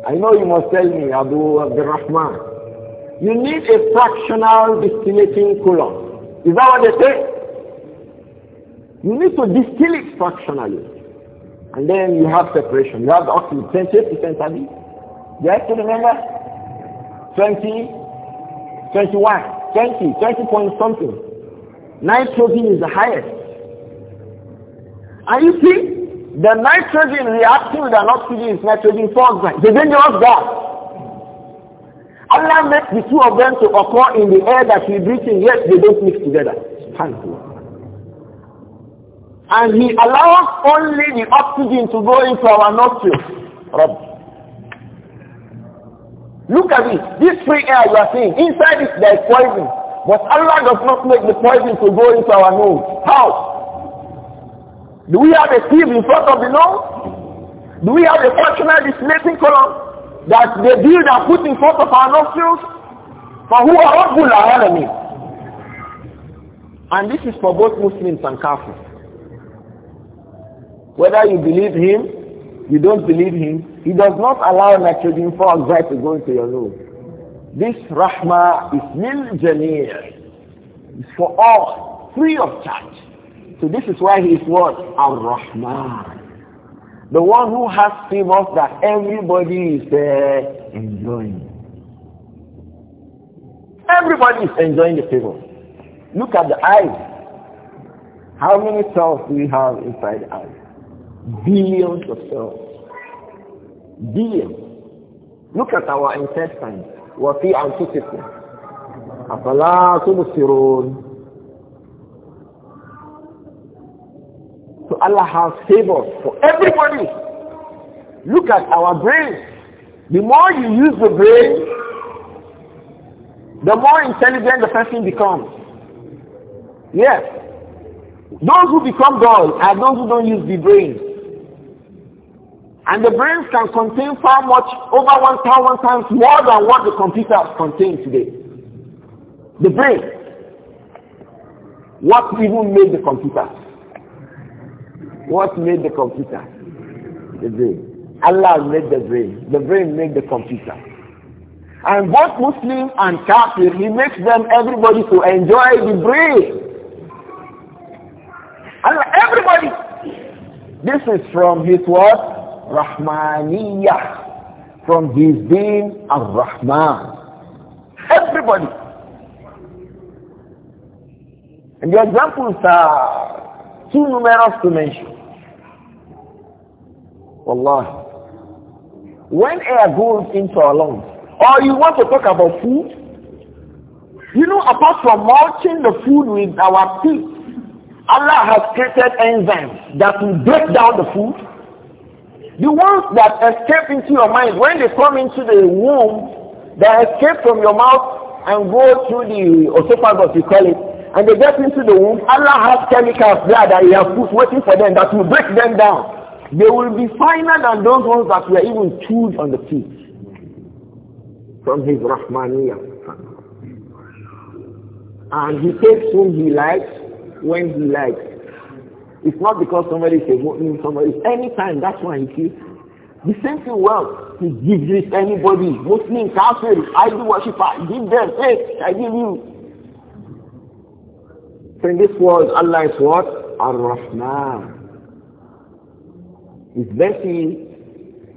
I know you must tell me, Abu Abdurrahman. You need a fractional distillating column. Is that what they say? You need to distill it fractionally. And then you have separation. You have the oxygen, 28% Yes, you remember? 20, 21, 20, 20 point something. Nitrogen is the highest. And you see, the nitrogen reacting with an oxygen is nitrogen oxide. The a dangerous gas. Allah makes the two of them to occur in the air that we breathe in, yet they don't mix together. Thank you. And He allows only the oxygen to go into our nostrils. Look at this. This free air you are seeing, inside it there is poison. But Allah does not make the poison to go into our nose. How? Do we have a sieve in front of the nose? Do we have a functional displacing column that the build are put in front of our nostrils? For who are Rabbul enemy? And this is for both Muslims and Kafirs. Whether you believe him, you don't believe him, he does not allow nitrogen peroxide to go into your nose. This rahma is lil jamir. It's for all, free of charge. So this is why he is what? Ar-Rahman. The one who has favors that everybody is there enjoying. Everybody is enjoying the favor. Look at the eyes. How many cells do we have inside the eyes? Billions of cells being. Look at our wa وَفِي to أَفَلَا تُبْصِرُونَ So Allah has favor for everybody. Look at our brains. The more you use the brain, the more intelligent the person becomes. Yes. Those who become dull are those who don't use the brain. And the brains can contain far much, over 1,000 times more than what the computer contains today. The brain. What even made the computer? What made the computer? The brain. Allah made the brain. The brain made the computer. And both Muslim and Kafir, he makes them, everybody, to enjoy the brain. Allah, everybody. This is from his word. Rahmaniyah from his being Ar-Rahman. Everybody. And the examples are too numerous to mention. Allah. When air goes into our lungs, or you want to talk about food, you know apart from mulching the food with our teeth, Allah has created enzymes that will break down the food the ones that escape into your mind, when they come into the womb, they escape from your mouth and go through the esophagus, you call it, and they get into the womb. Allah has chemicals there that He has put waiting for them that will break them down. They will be finer than those ones that were even chewed on the teeth. From His Rahmaniyah. And He takes whom He likes when He likes. It's not because somebody is a Muslim. somebody is anytime, that's why he kills. The same thing wealth, he gives it to anybody, Muslim, Catholic, idol worshiper, give them, hey, I give you. So in this world, Allah is what? Ar-Rahman. His mercy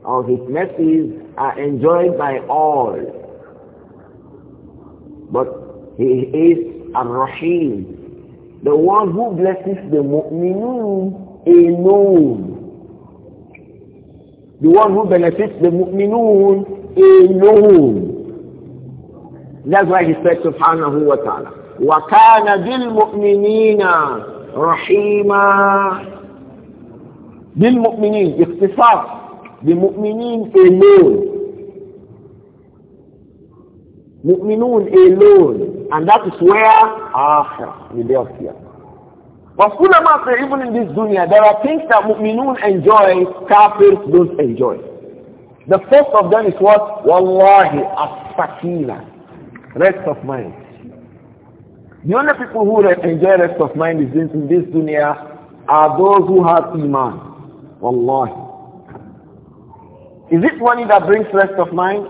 or his mercies are enjoyed by all. But he is Ar-Rahim, the one who blesses the mu'minun alone. The one who benefits the mu'minun alone. That's why he said subhanahu wa ta'ala. وَكَانَ بِالْمُؤْمِنِينَ رَحِيمًا بالمؤمنين اختصاص بمؤمنين alone Mu'minun alone. And that is where Akhirah, the day of Qiyamah. But ulama say even in this dunya, there are things that mu'minun enjoy, kafirs don't enjoy. The first of them is what? Wallahi, as-sakina. Rest of mind. The only people who enjoy rest of mind is in this dunya are those who have iman. Wallahi. Is it money that brings rest of mind?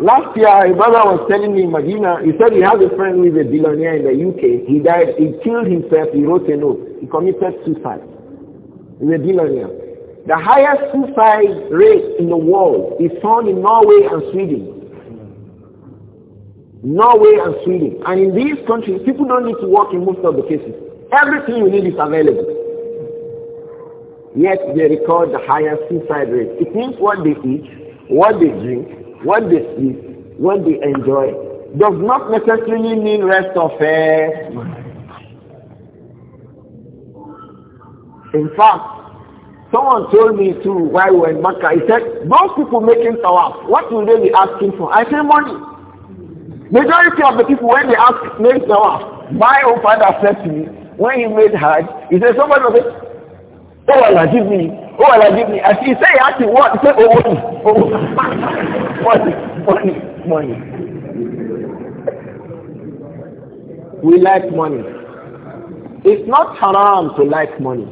Last year, a brother was telling me in Medina, he said he has a friend who is a billionaire in the UK. He died, he killed himself, he wrote a note. He committed suicide. He's a billionaire. The highest suicide rate in the world is found in Norway and Sweden. Norway and Sweden. And in these countries, people don't need to work in most of the cases. Everything you need is available. Yet they record the highest suicide rate. It means what they eat, what they drink, what they sleep, what they enjoy, does not necessarily mean rest of their In fact, someone told me too while we were in Makkah, he said, those people making tawaf, what will they be asking for? I say money. Majority of the people when they ask make tawaf, my own father said to me, when he made Hajj, he said somebody was ó wà làjíbì ó wà làjíbì àti iṣẹ́ yà á ti wọ́n pé owó ni owó mọ́ni mọ́ni mọ́ni. We like money. It's not haram to like money.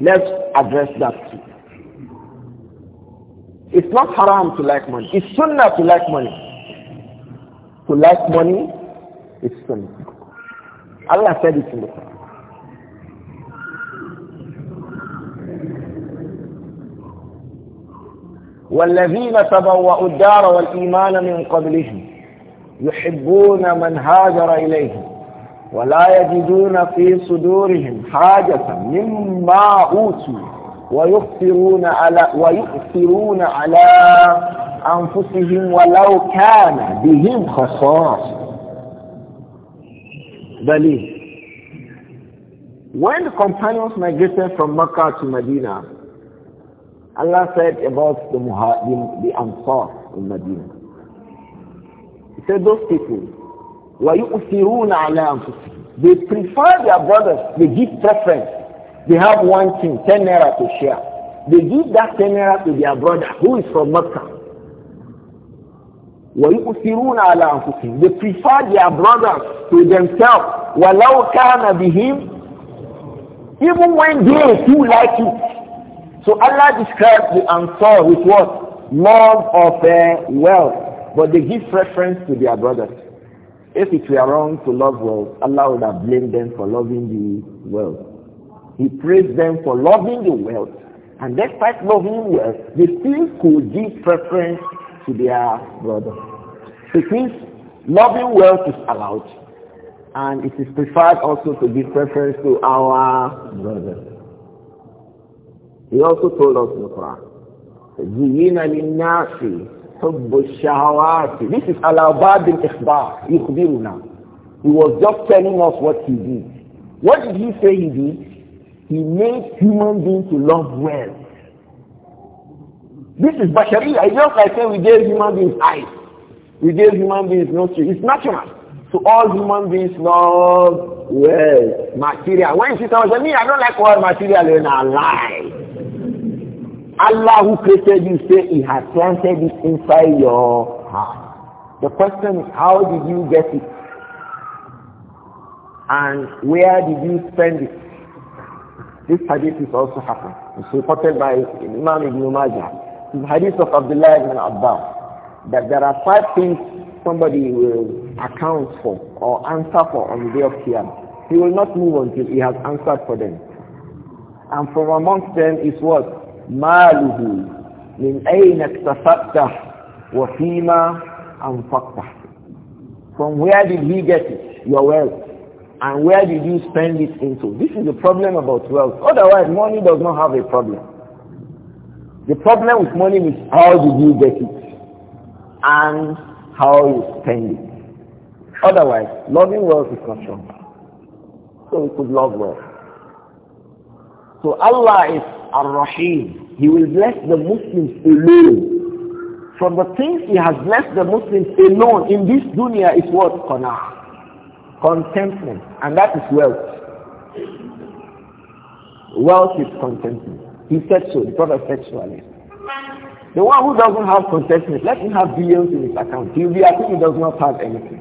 Let's address that too. It's not haram to like money. It's sunnah to like money. To like money, it's sunnah. Allah said it in the Quran. والذين تبوأوا الدار والإيمان من قبلهم يحبون من هاجر إليهم ولا يجدون في صدورهم حاجة مما أوتوا ويؤثرون على ويؤثرون على أنفسهم ولو كان بهم خصاصة دليل When the companions migrated from Makkah to Medina, Allah said about the Muhajim, the Ansar in Medina. He said those people, وَيُؤْثِرُونَ عَلَىٰ أَنفُسِهِمْ They prefer their brothers, they give preference. They have one thing, ten naira to share. They give that ten naira to their brother who is from Mecca. وَيُؤْثِرُونَ عَلَىٰ أَنفُسِهِمْ They prefer their brothers to themselves. وَلَوْ كَانَ بِهِمْ Even when they too like it, so Allah describes the Ansar with what? Love of uh, wealth. But they give preference to their brothers. If it were wrong to love wealth, Allah would have blamed them for loving the wealth. He praised them for loving the wealth. And despite loving wealth, they still could give preference to their brothers. Because it means loving wealth is allowed. And it is preferred also to give preference to our brothers. He also told us in the Quran, زين للناس حب الشهوات This is على باب الإخبار يخبرنا He was just telling us what he did. What did he say he did? He made human beings to love well. This is bashari. I just like say we gave human beings eyes. We gave human beings nostrils. It's natural. So all human beings love well material. When you see someone me, I don't like all material, You're I lie. Allah who created you say he has planted it inside your heart. The question is how did you get it? And where did you spend it? This hadith is also happened. It's reported by Imam Ibn Majah. the hadith of Abdullah ibn Abbas that there are five things somebody will account for or answer for on the day of Qiyamah. He will not move until he has answered for them. And from amongst them is what? ماله من أين اكتسبته وفيما أنفقته From where did he get it? Your wealth. And where did you spend it into? This is the problem about wealth. Otherwise, money does not have a problem. The problem with money is how did you get it and how you spend it. Otherwise, loving wealth is not strong. So we could love wealth. So Allah is Ar-Rahim. He will bless the Muslims alone. From the things He has blessed the Muslims alone in this dunya is what? Qanah. Contentment. And that is wealth. Wealth is contentment. He said so. The Prophet said so. The one who doesn't have contentment, let him have billions in his account. He will be happy he does not have anything.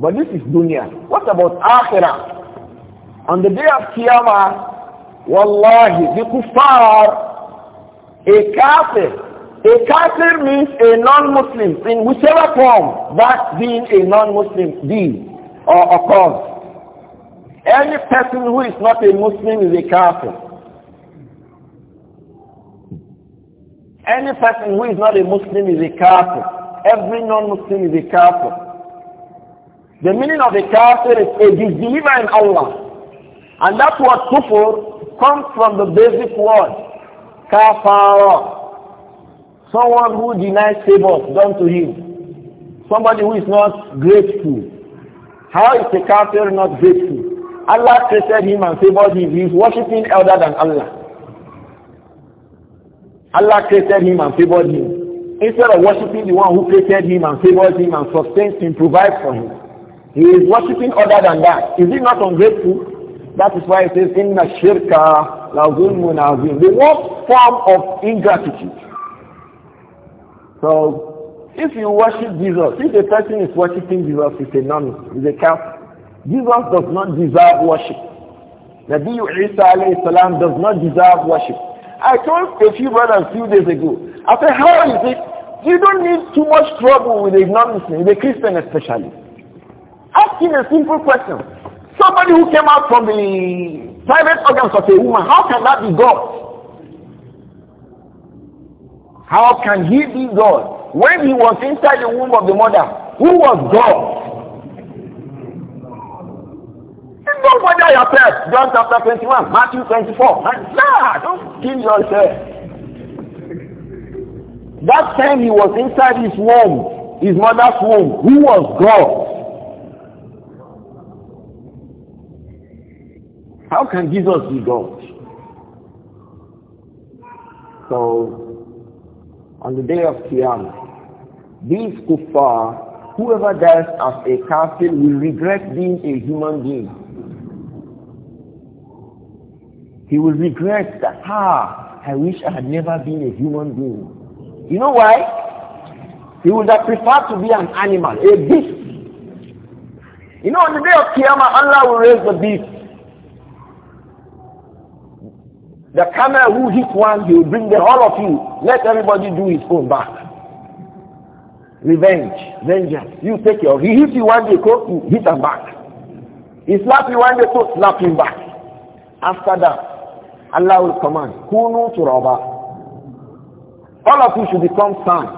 But this is dunya. What about akhirah? On the day of Qiyamah, wallahi, the kuffar, a kafir, a kafir means a non-Muslim in whichever form that being a non-Muslim be or occurs. Any person who is not a Muslim is a kafir. Any person who is not a Muslim is a kafir. Every non-Muslim is a kafir. The meaning of a kafir is a disbeliever in Allah. And that word kufur comes from the basic word kafara. Someone who denies favors done to him. Somebody who is not grateful. How is a kafir not grateful? Allah created him and favored him. He is worshipping other than Allah. Allah created him and favored him. Instead of worshipping the one who created him and favored him and sustains him, provides for him. He is worshipping other than that. Is he not ungrateful? That is why it says, Inna shirka lazulmun azim. The worst form of ingratitude. So, if you worship Jesus, if a person is worshiping Jesus, it's a non, it's a calf. Jesus does not deserve worship. Nabi Isa alayhi salam does not deserve worship. I told a few brothers a few days ago, I said, how is it? You don't need too much trouble with a non-Muslim, with a Christian especially. Asking a simple question. Somebody who came out from the private organs of a woman, how can that be God? How can he be God? When he was inside the womb of the mother, who was God? Nobody not John chapter 21, Matthew 24. Nah, don't kill yourself. That time he was inside his womb, his mother's womb, who was God? How can Jesus be God? So, on the day of Qiyamah, these kuffar, whoever dies as a kafir will regret being a human being. He will regret that, ah, I wish I had never been a human being. You know why? He would have preferred to be an animal, a beast. You know, on the day of Qiyamah, Allah will raise the beast. The camel who hit one, he will bring the all of you. Let everybody do his own back. Revenge, vengeance. You take your, he hit you one day, you hit him back. He slap you one day, so slap him back. After that, Allah will command, Kunu to Rabah. All of you should become sons.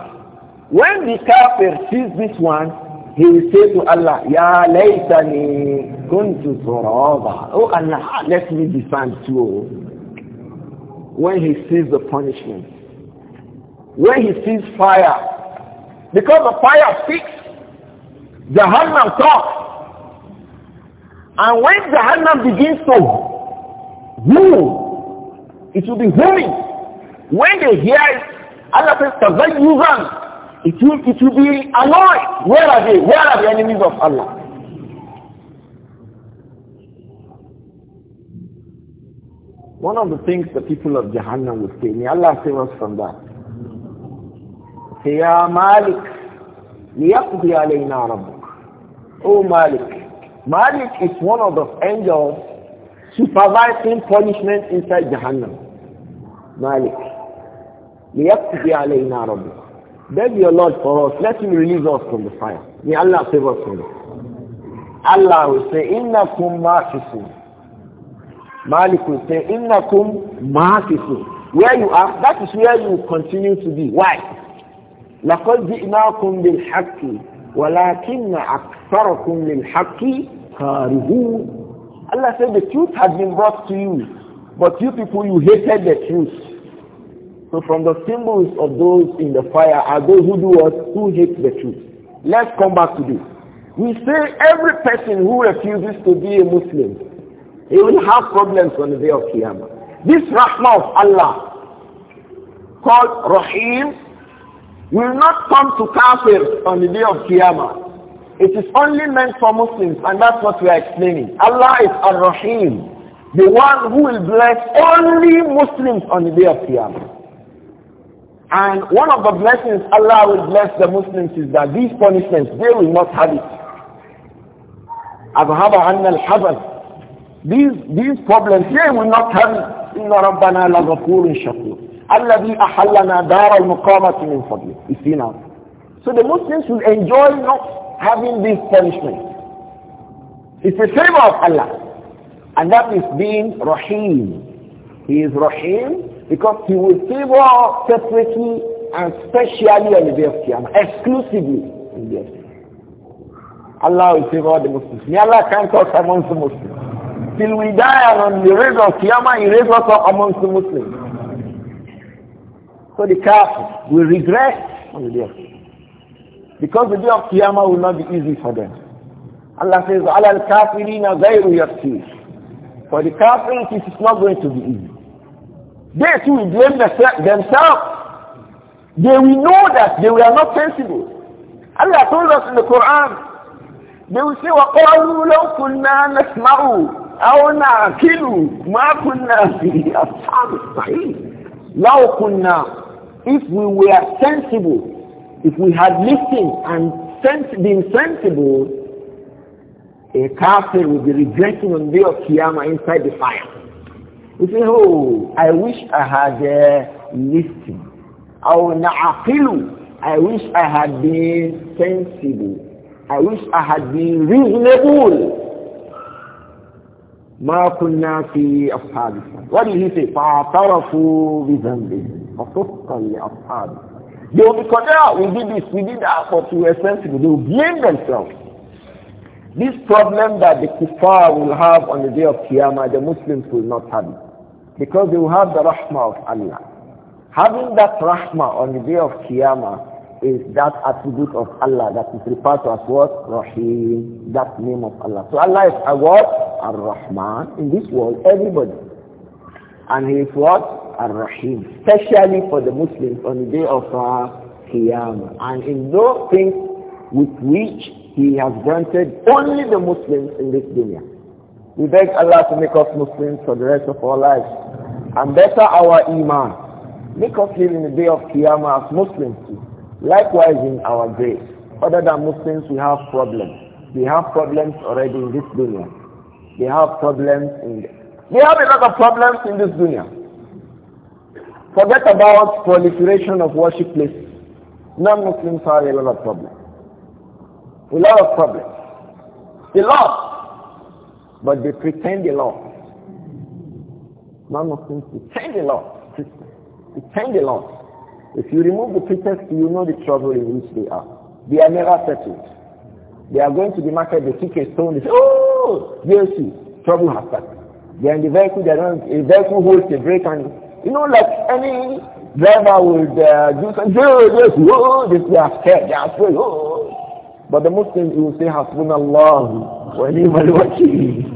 When the kafir sees this one, he will say to Allah, Ya laytani kuntu Rabah. Oh Allah, let me be you. too. when he sees the punishment. When he sees fire. Because the fire speaks. Jahannam talks. And when Jahannam begins to boom, it will be humming. When they hear it, Allah says, Tazayuzan. It will, it will be annoyed. Where are they? Where are the enemies of Allah? One of the things the people of Jahannam would say, may Allah save us from that. Say, Ya Malik, liyaqdi alayna rabbuk. Oh Malik. Malik is one of the angels supervising punishment inside Jahannam. Malik. Liyaqdi alayna rabbuk. Beg your Lord for us. Let him release us from the fire. May Allah save us from it. Allah will say, إِنَّكُمْ مَاكِسُونَ Malik say, Innakum ma'akifu. Where you are, that is where you continue to be. Why? لَقَدْ جِئْنَاكُمْ بِالْحَقِّ وَلَكِنَّ أَكْثَرَكُمْ لِلْحَقِّ كَارِهُونَ Allah said the truth has been brought to you, but you people, you hated the truth. So from the symbols of those in the fire are those who do what? Who hate the truth. Let's come back to this. We say every person who refuses to be a Muslim he will have problems on the day of Qiyamah. This rahmah of Allah, called Rahim, will not come to Kafir on the day of Qiyamah. It is only meant for Muslims, and that's what we are explaining. Allah is Ar-Rahim, the one who will bless only Muslims on the day of Qiyamah. And one of the blessings Allah will bless the Muslims is that these punishments, they will not have it. أَذْهَبَ عَنَّ الْحَزَنَ these, these problems here will not come. إِنَّ رَبَّنَا لَغَفُورٌ شَكُورٌ الَّذِي أَحَلَّنَا دَارَ الْمُقَامَةِ مِنْ فَضْلِهِ You So the Muslims will enjoy not having this punishment. It's a favor of Allah. And that is being Rahim. He is Rahim because he will favor separately and specially on the day of Qiyamah, exclusively on the day of Qiyamah. Allah will favor the Muslims. May Allah count us amongst the Muslims till we die and on the raise of Qiyamah, he raised us up amongst the Muslims. So the kafir will regret on the day of Because the day of Qiyamah will not be easy for them. Allah says, عَلَى الْكَافِرِينَ غَيْرُ يَسِيرُ For the kafirs, it is not going to be easy. They too will blame themselves. They will know that they were not sensible. Allah told us in the Quran, they will say, وَقَالُوا لَوْ كُنَّا نَسْمَعُوا أونا كيلو ما كنا في أصحاب الصحيح لو كنا if we were sensible if we had listened and sense, been sensible a kafir would be regretting on the day of Qiyamah inside the fire. We say, oh, I wish I had uh, listened. Or na'aqilu, I wish I had been sensible. I wish I had been reasonable. ما كنا في أصحاب what did he say فاعترفوا بذنبهم فسقا لأصحاب they will be condemned we did this we did that but we were they will blame themselves this problem that the kuffar will have on the day of Qiyamah the Muslims will not have it because they will have the rahmah of Allah having that rahmah on the day of Qiyamah is that attribute of Allah that is referred to as what? Rahim, that name of Allah. So Allah is a what? Ar-Rahman. In this world, everybody. And he is what? Ar-Rahim. Especially for the Muslims on the day of uh, Qiyamah. And in those things with which he has granted only the Muslims in this dunya. We beg Allah to make us Muslims for the rest of our lives and better our iman. Make us live in the day of Qiyamah as Muslims too. Likewise in our day, other than Muslims, we have problems. We have problems already in this dunya. We have problems in... The, have a lot of problems in this dunya. Forget about proliferation of worship places. Non-Muslims have a lot of problems. A lot of problems. a lot but they pretend they love. Non-Muslims pretend they love. Pretend they love. If you remove the pretext, you know the trouble in which they are. They are never settled. They are going to the market, they kick a stone, they say, oh, yes, see, trouble has started. They are in the vehicle, they are vehicle holds a brake and, you know, like any driver would uh, do something, oh, this, oh, this, they are scared, they are afraid, oh. But the Muslim, he will say, Hasbunallah, wa ni'mal wakil.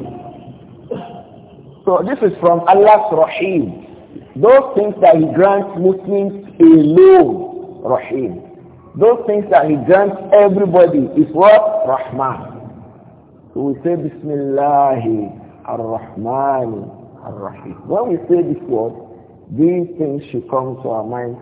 So this is from Allah's Rahim. Those things that he grants Muslims alone, Rahim. Those things that he grants everybody is what? Rahman. So we say Bismillah ar-Rahman ar-Rahim. When we say this word, these things should come to our mind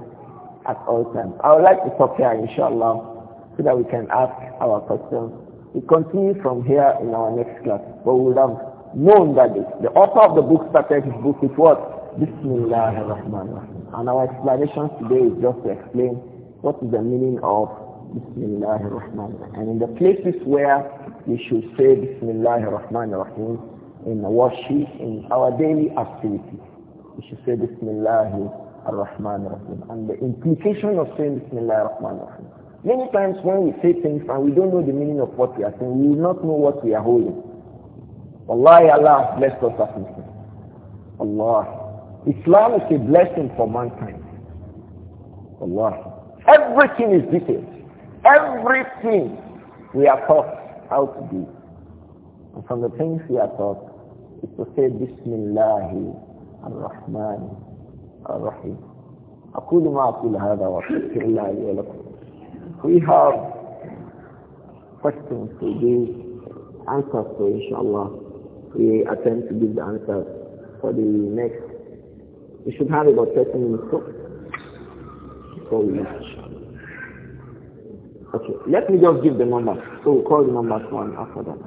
at all times. I would like to stop here, inshallah, so that we can ask our questions. We continue from here in our next class, but we would have known that the author of the book started his book with what? Bismillah ar-Rahman ar-Rahim. And our explanation today is just to explain what is the meaning of Bismillah ar-Rahman ar-Rahim. And in the places where we should say Bismillah ar-Rahman ar-Rahim in worship, in our daily activities, we should say Bismillah ar-Rahman ar-Rahim. And the implication of saying Bismillah ar-Rahman ar-Rahim. Many times when we say things and we don't know the meaning of what we are saying, we will not know what we are holding. Wallahi Allah bless us as Muslims. Allah Islam is a blessing for mankind. Allah. Everything is detailed. Everything we are taught how to do. And from the things we are taught is to say Bismillah ar-Rahman ar-Rahim. أقول ما أقول هذا وأستغفر الله لي ولكم. We have questions to give answers to inshallah. We attempt to give the answers for the next we should have about 30 minutes before we leave. Okay, let me just give the number. So we'll call the numbers one after that.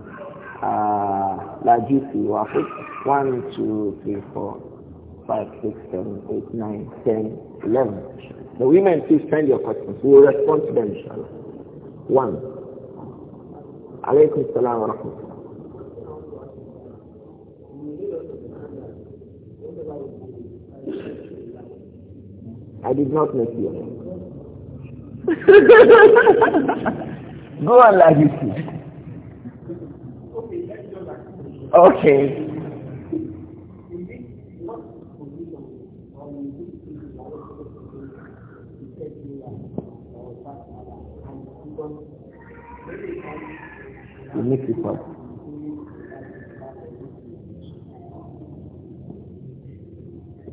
Uh, 1, 2, 3, 4, 5, 6, 7, 8, 9, 10, 11. The women, please send your questions. We will respond to them, inshallah. 1. Alaykum salam wa rahmatullah. I did not make you. (laughs) Go and like you see. Okay. You make it what?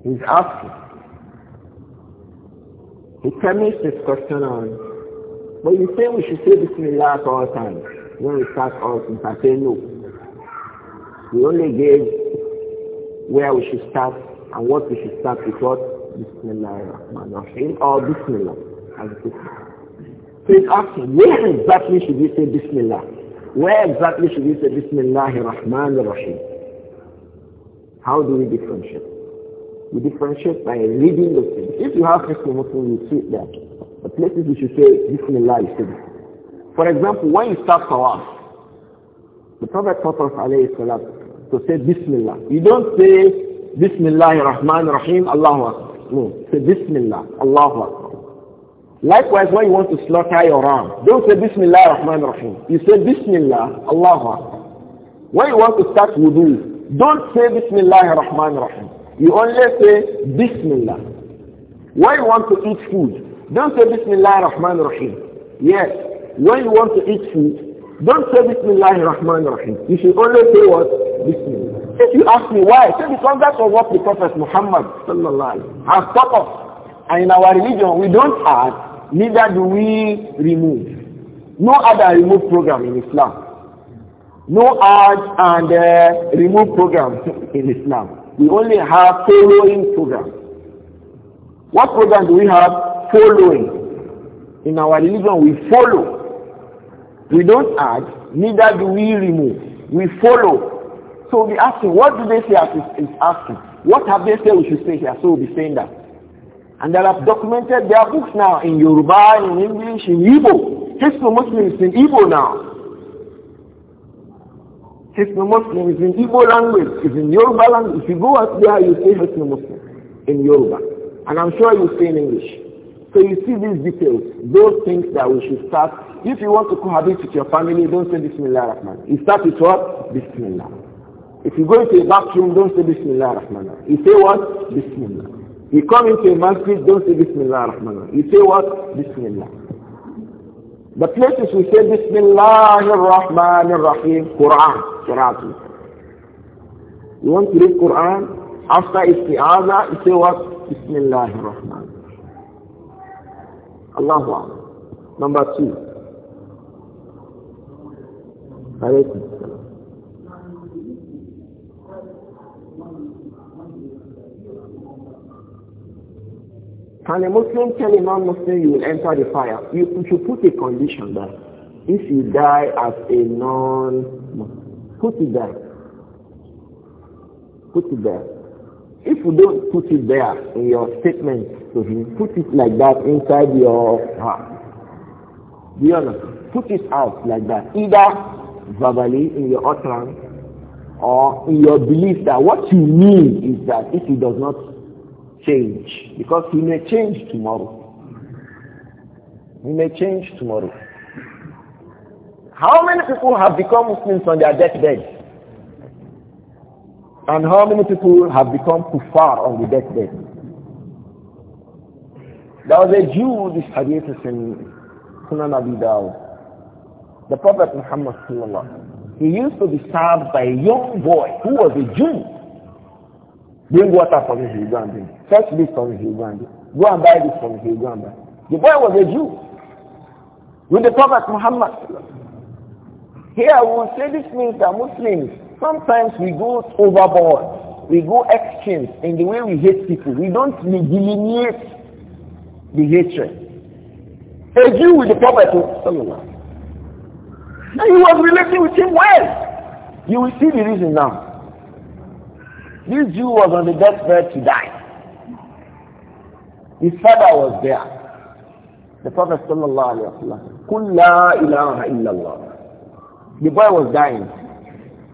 He's asking. He premised his question on, but you say we should say Bismillah at all times. When we start out, you can say no. We only gave where we should start and what we should start with what Bismillah Rahman Rahim or Bismillah So he's asking, where exactly should we say Bismillah? Where exactly should we say Bismillah Rahman Rahim? How do we differentiate? You differentiate by reading the things. If you have Fiqh Muslim, you see that the places you should say Bismillah, is. For example, when you start Tawaf, the Prophet taught us to say Bismillah. You don't say Bismillah Rahman Rahim, Allahu Akbar. No, say Bismillah, Allahu Akbar. Likewise, when you want to slaughter your ram, don't say Bismillah Rahman Rahim. You say Bismillah, Allahu Akbar. When you want to start wudu, don't say Bismillah Rahman Rahim. You only say Bismillah. When you want to eat food, don't say Bismillah Rahman Rahim. Yes. When you want to eat food, don't say Bismillah Rahman Rahim. You should only say what? Bismillah. If you ask me why, say because that's what the Prophet Muhammad has taught us. And in our religion, we don't add, neither do we remove. No other remove program in Islam. No add and uh, remove program (laughs) in Islam. We only have following program. What program do we have? Following. In our religion, we follow. We don't add, neither do we remove. We follow. So we ask him, what do they say is asking? What have they said we should say here? So we'll be saying that. And there are documented, there are books now in Yoruba, in English, in Igbo. History Muslims in Igbo now. Hisnu Muslim is in Igbo language, is in Yoruba language. If you go out there, you say Hisnu Muslim in Yoruba. And I'm sure you say in English. So you see these details, those things that we should start. If you want to cohabit with your family, don't say Bismillah Rahman. You start with what? Bismillah. If you go into a bathroom, don't say Bismillah Rahman. You say what? Bismillah. You come into a masjid, don't say Bismillah Rahman. You say what? Bismillah. The places we say Bismillah Rahman Rahim, Quran qira'atu. You want to read Quran? After isti'aza, you say what? Bismillah ar-Rahman. Allahu Akbar. Number two. Alaykum salam. Can a Muslim tell a non-Muslim you will enter the fire? you should put a condition that if you die as a non-Muslim, Put it there. Put it there. If you don't put it there in your statement to him, put it like that inside your heart. Be honest. Put it out like that, either verbally in your utterance or in your belief that what you mean is that if it does not change, because he may change tomorrow. He may change tomorrow. How many people have become Muslims on their deathbed? And how many people have become kuffar on the deathbed? There was a Jew, this hadith is in Sunan Abi Dawud. The Prophet Muhammad sallallahu he used to be served by a young boy who was a Jew. Bring water from his Uganda. Fetch this from his Uganda. Go and buy this from his Uganda. The boy was a Jew. With the Prophet Muhammad sallallahu here I will say this means that Muslims, sometimes we go overboard. We go extreme in the way we hate people. We don't delineate the hatred. A Jew with the Prophet, and he was relating with him well. You will see the reason now. This Jew was on the deathbed to die. His father was there. The Prophet sallallahu alayhi wa sallam, قُلْ the boy was dying.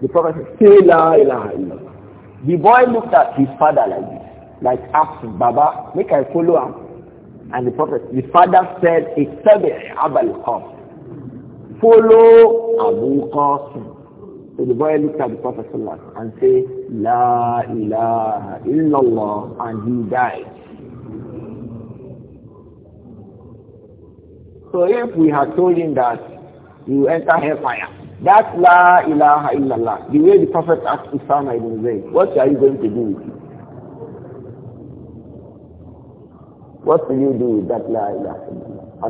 The prophet said, Say la ilaha illallah. The boy looked at his father like this, like asked ah, Baba, make I follow him. And the prophet, the father said, "He Abul Qasim. Follow Abu Qasim. So the boy looked at the Prophet and said, La ilaha illallah, and he died. So if we had told him that you enter hellfire, that La ilaha illallah, the way the Prophet asked Usama ibn Zayd, what are you going to do with it? What do you do with that La ilaha illallah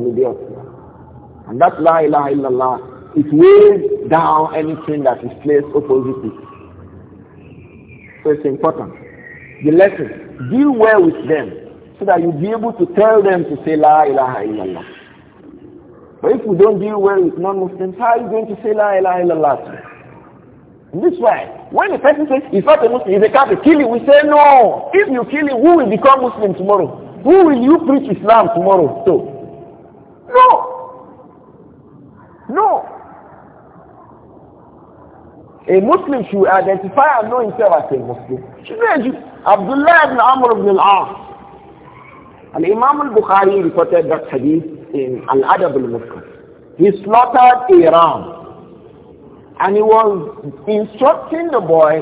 And that La ilaha illallah, it weighs down anything that is placed opposite it. So it's important. The lesson, deal well with them so that you'll be able to tell them to say La ilaha illallah. But if we don't deal well with non-Muslims, how are you going to say La ilaha illallah? And this why, when a person says he's not a Muslim, he's a Catholic, kill him, we say no. If you kill him, who will become Muslim tomorrow? Who will you preach Islam tomorrow to? No. No. A Muslim should identify and know himself as a Muslim. Abdullah ibn Amr ibn al-As. Al-Imam al-Bukhari reported that hadith in Al-Adab al-Mufrad. He slaughtered a ram and he was instructing the boy,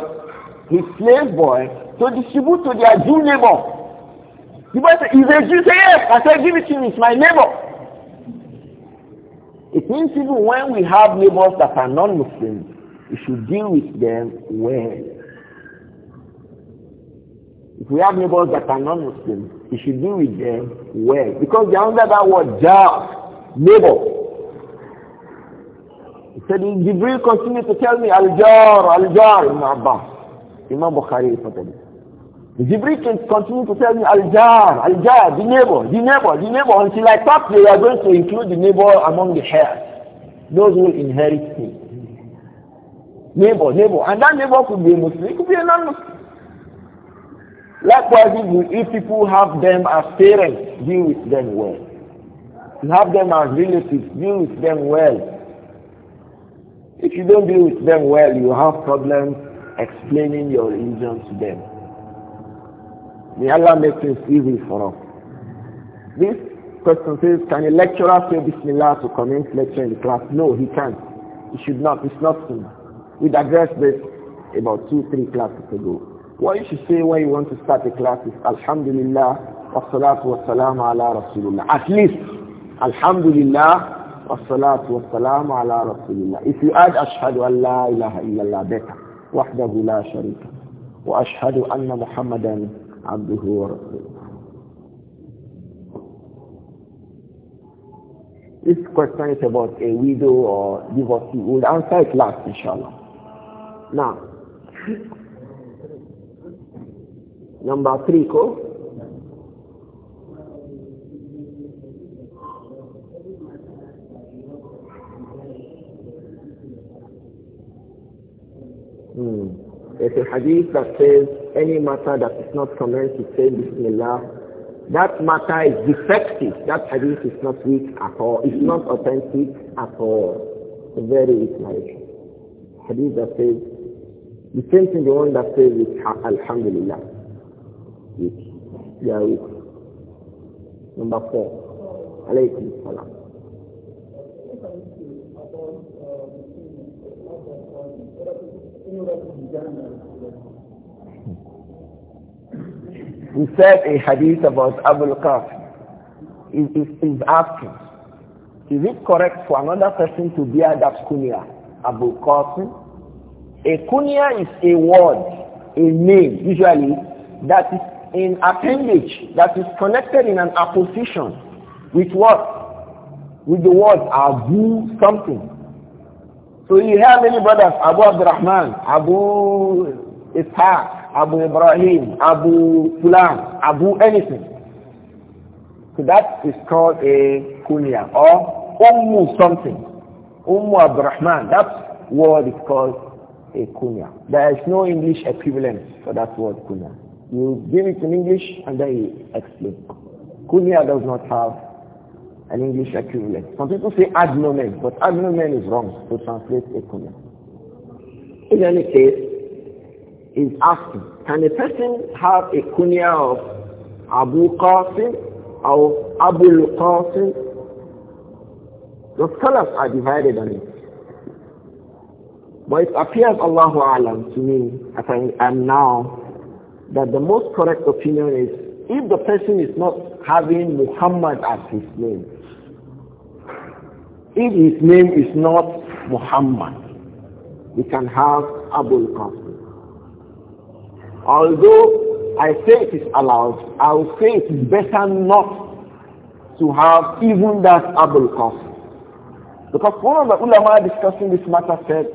his slave boy, to distribute to their Jew neighbor. The boy said, "Is a Jew. Say, yes. I said, give it to me. It's my neighbor. It means even when we have neighbors that are non-Muslims, we should deal with them well. If we have neighbors that are non muslim we should deal with them well. Because they are under that word, jar, neighbor. He said, Jibril continued to tell me, Al-Jar, Al-Jar, Ibn Abbas. Imam Bukhari reported it. Jibril continued to tell me, Al-Jar, Al-Jar, the neighbor, the neighbor, the neighbor, until I thought they were going to include the neighbor among the heirs. Those who inherit me. Neighbor, neighbor. And that neighbor could be a Muslim, could be a non-Muslim. Likewise, if people have them as parents, deal with them well. You have them as relatives, deal with them well. If you don't deal with them well, you have problems explaining your religion to them. May Allah make things easy for us. This question says, can a lecturer say Bismillah to commence lecture in the class? No, he can't. He should not. It's not him. We addressed this about two, three classes ago. Why you should say why you want to start a class is Alhamdulillah wa salatu wa salam ala Rasulullah. At least Alhamdulillah wa salatu wa salam ala Rasulullah. If you add Ashhadu an la ilaha illallah better. Wahdahu la sharika. Wa ashhadu anna Muhammadan abduhu wa rasuluh. This question is about a widow or divorcee. We'll answer it last, inshallah. Now, Number three ko. Hmm. There's a hadith that says any matter that is not commenced to say Bismillah, that matter is defective. That hadith is not weak at all. It's not authentic at all. It's very weak narration. Hadith that says the same thing the one that says is Alhamdulillah with We said a hadith about Abu Bakr. is, is, is asking, is it correct for another person to bear that kunya? Abu Qasim? A kunya is a word, a name, usually, that is in appendage that is connected in an opposition with what? With the word Abu something. So you have many brothers, Abu Abdurrahman, Abu Ishaq, Abu Ibrahim, Abu Fulan, Abu anything. So that is called a kunya or Ummu something. Ummu Abdurrahman, that word is called a kunya. There is no English equivalent for that word kunya. You give it in English and then you explain. Kunya does not have an English equivalent. Some people say agnomen, but agnomen is wrong to translate a kunya. In any case, is asking, can a person have a kunya of Abu Qasim or Abu Qasim? The scholars are divided on it. But it appears Allahu Alam to me as I am now that the most correct opinion is if the person is not having Muhammad as his name, if his name is not Muhammad, we can have Abul Qasim. Although I say it is allowed, I will say it is better not to have even that Abul Qasim. Because one of the ulama discussing this matter said,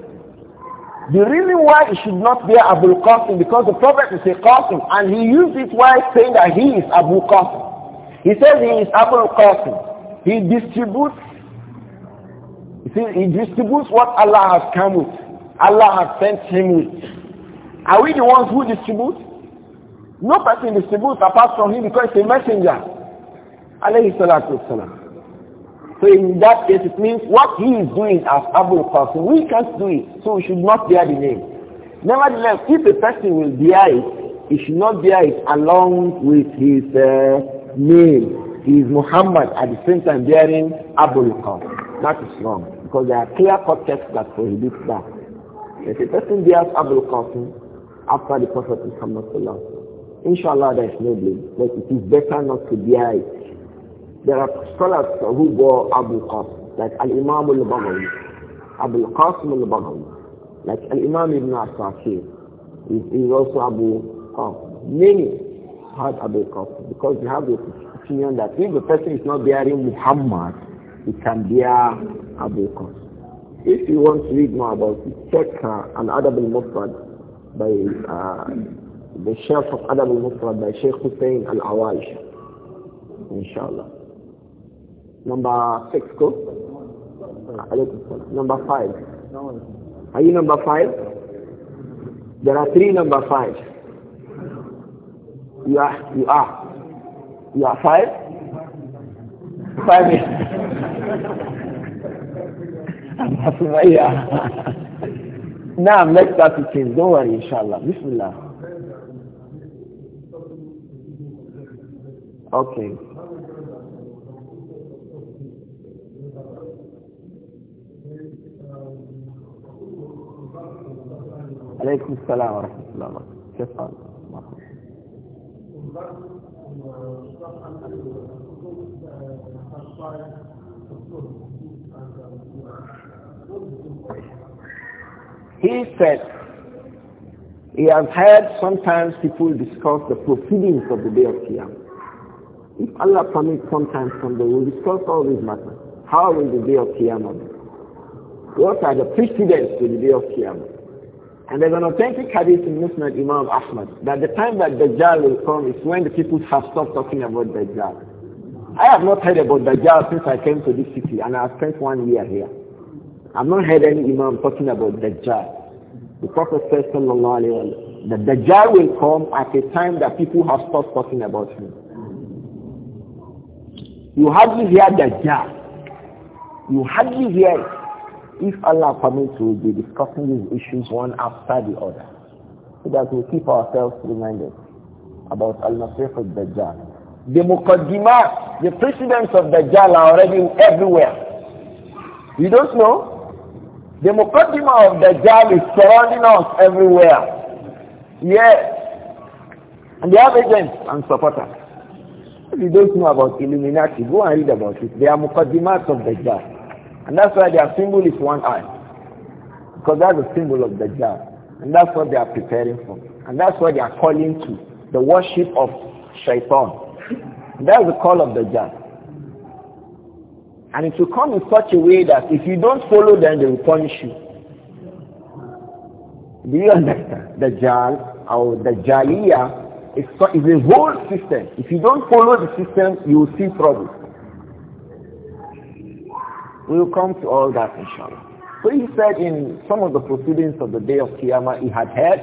the reason why he should not be Abu Qasim because the Prophet is a Qasim and he used it while saying that he is Abu Qasim. He says he is Abu Qasim. He distributes you see, he distributes what Allah has come with. Allah has sent him with. Are we the ones who distribute? No person distributes apart from him because he's a messenger. Alayhi salatu so in that case, it means what he is doing as Abu qasim we can't do it, so we should not bear the name. Nevertheless, if a person will bear it, he should not bear it along with his uh, name. He is Muhammad at the same time bearing Abu That is wrong, because there are clear-cut texts that prohibit that. If a person bears Abu qasim after the Prophet Muhammad, inshallah there is no blame, but it is better not to bear it. There are scholars who go Abu Qasim, like Al-Imam al-Baghawi, Abu Qasim al-Baghawi, like Al-Imam ibn Al is, is also Abu Qasim. Many had Abu Qasim because they have the opinion that if the person is not bearing Muhammad, he can bear Abu Qasim. If you want to read more about it, check uh, an Adab al-Mufrad by uh, the Sheikh of Adab al-Mufrad by Sheikh Hussein al-Awaish, inshallah. Number six, go. Uh, number five. Are you number five? There are three number five. You are, you are. You are five? Five (laughs) (laughs) Now let's start with things. Don't worry, inshallah. Bismillah. Okay. عليكم السلام ورحمة الله وبركاته كيف He said, he has heard sometimes people discuss the proceedings of the day of Qiyam. If Allah permits sometimes someday, we'll discuss all these matters. How will the day of Qiyamah be? What are the precedents to the day of Qiyamah? And there's an authentic hadith in Muslim Imam Ahmad that the time that Dajjal will come is when the people have stopped talking about Dajjal. I have not heard about Dajjal since I came to this city and I have spent one year here. I've not heard any Imam talking about Dajjal. The Prophet says, sallallahu alayhi wa sallam, that Dajjal will come at a time that people have stopped talking about him. You hardly hear Dajjal. You hardly hear it. If Allah permits, we'll be discussing these issues one after the other. So that we keep ourselves reminded about Al-Masih al-Dajjal. The Muqaddimah, the precedents of Dajjal are already everywhere. You don't know? The Muqaddimah of Dajjal is surrounding us everywhere. Yes. And they have agents and supporters. If you don't know about Illuminati, go and read about it. They are Mukaddima of Dajjal. And that's why their symbol is one eye. Because that's the symbol of the jar, And that's what they are preparing for. And that's what they are calling to. The worship of Shaitan. And that's the call of the jar. And it will come in such a way that if you don't follow them, they will punish you. Do you understand? jar or the is, is a whole system. If you don't follow the system, you will see trouble. We will come to all that inshallah. So he said in some of the proceedings of the day of Qiyamah he had heard,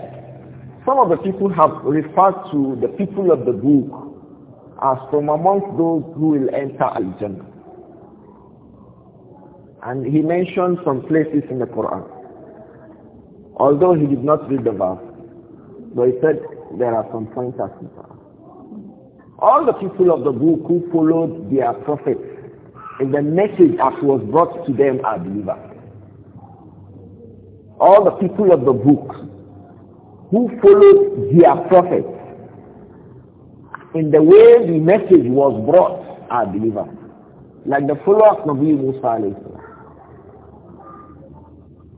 some of the people have referred to the people of the book as from amongst those who will enter Al-Jannah. And he mentioned some places in the Quran. Although he did not read the verse, but he said there are some points as well. All the people of the book who followed their prophets in the message as was brought to them are believers. All the people of the book who followed their prophet in the way the message was brought are believers. Like the followers of Nabi Musa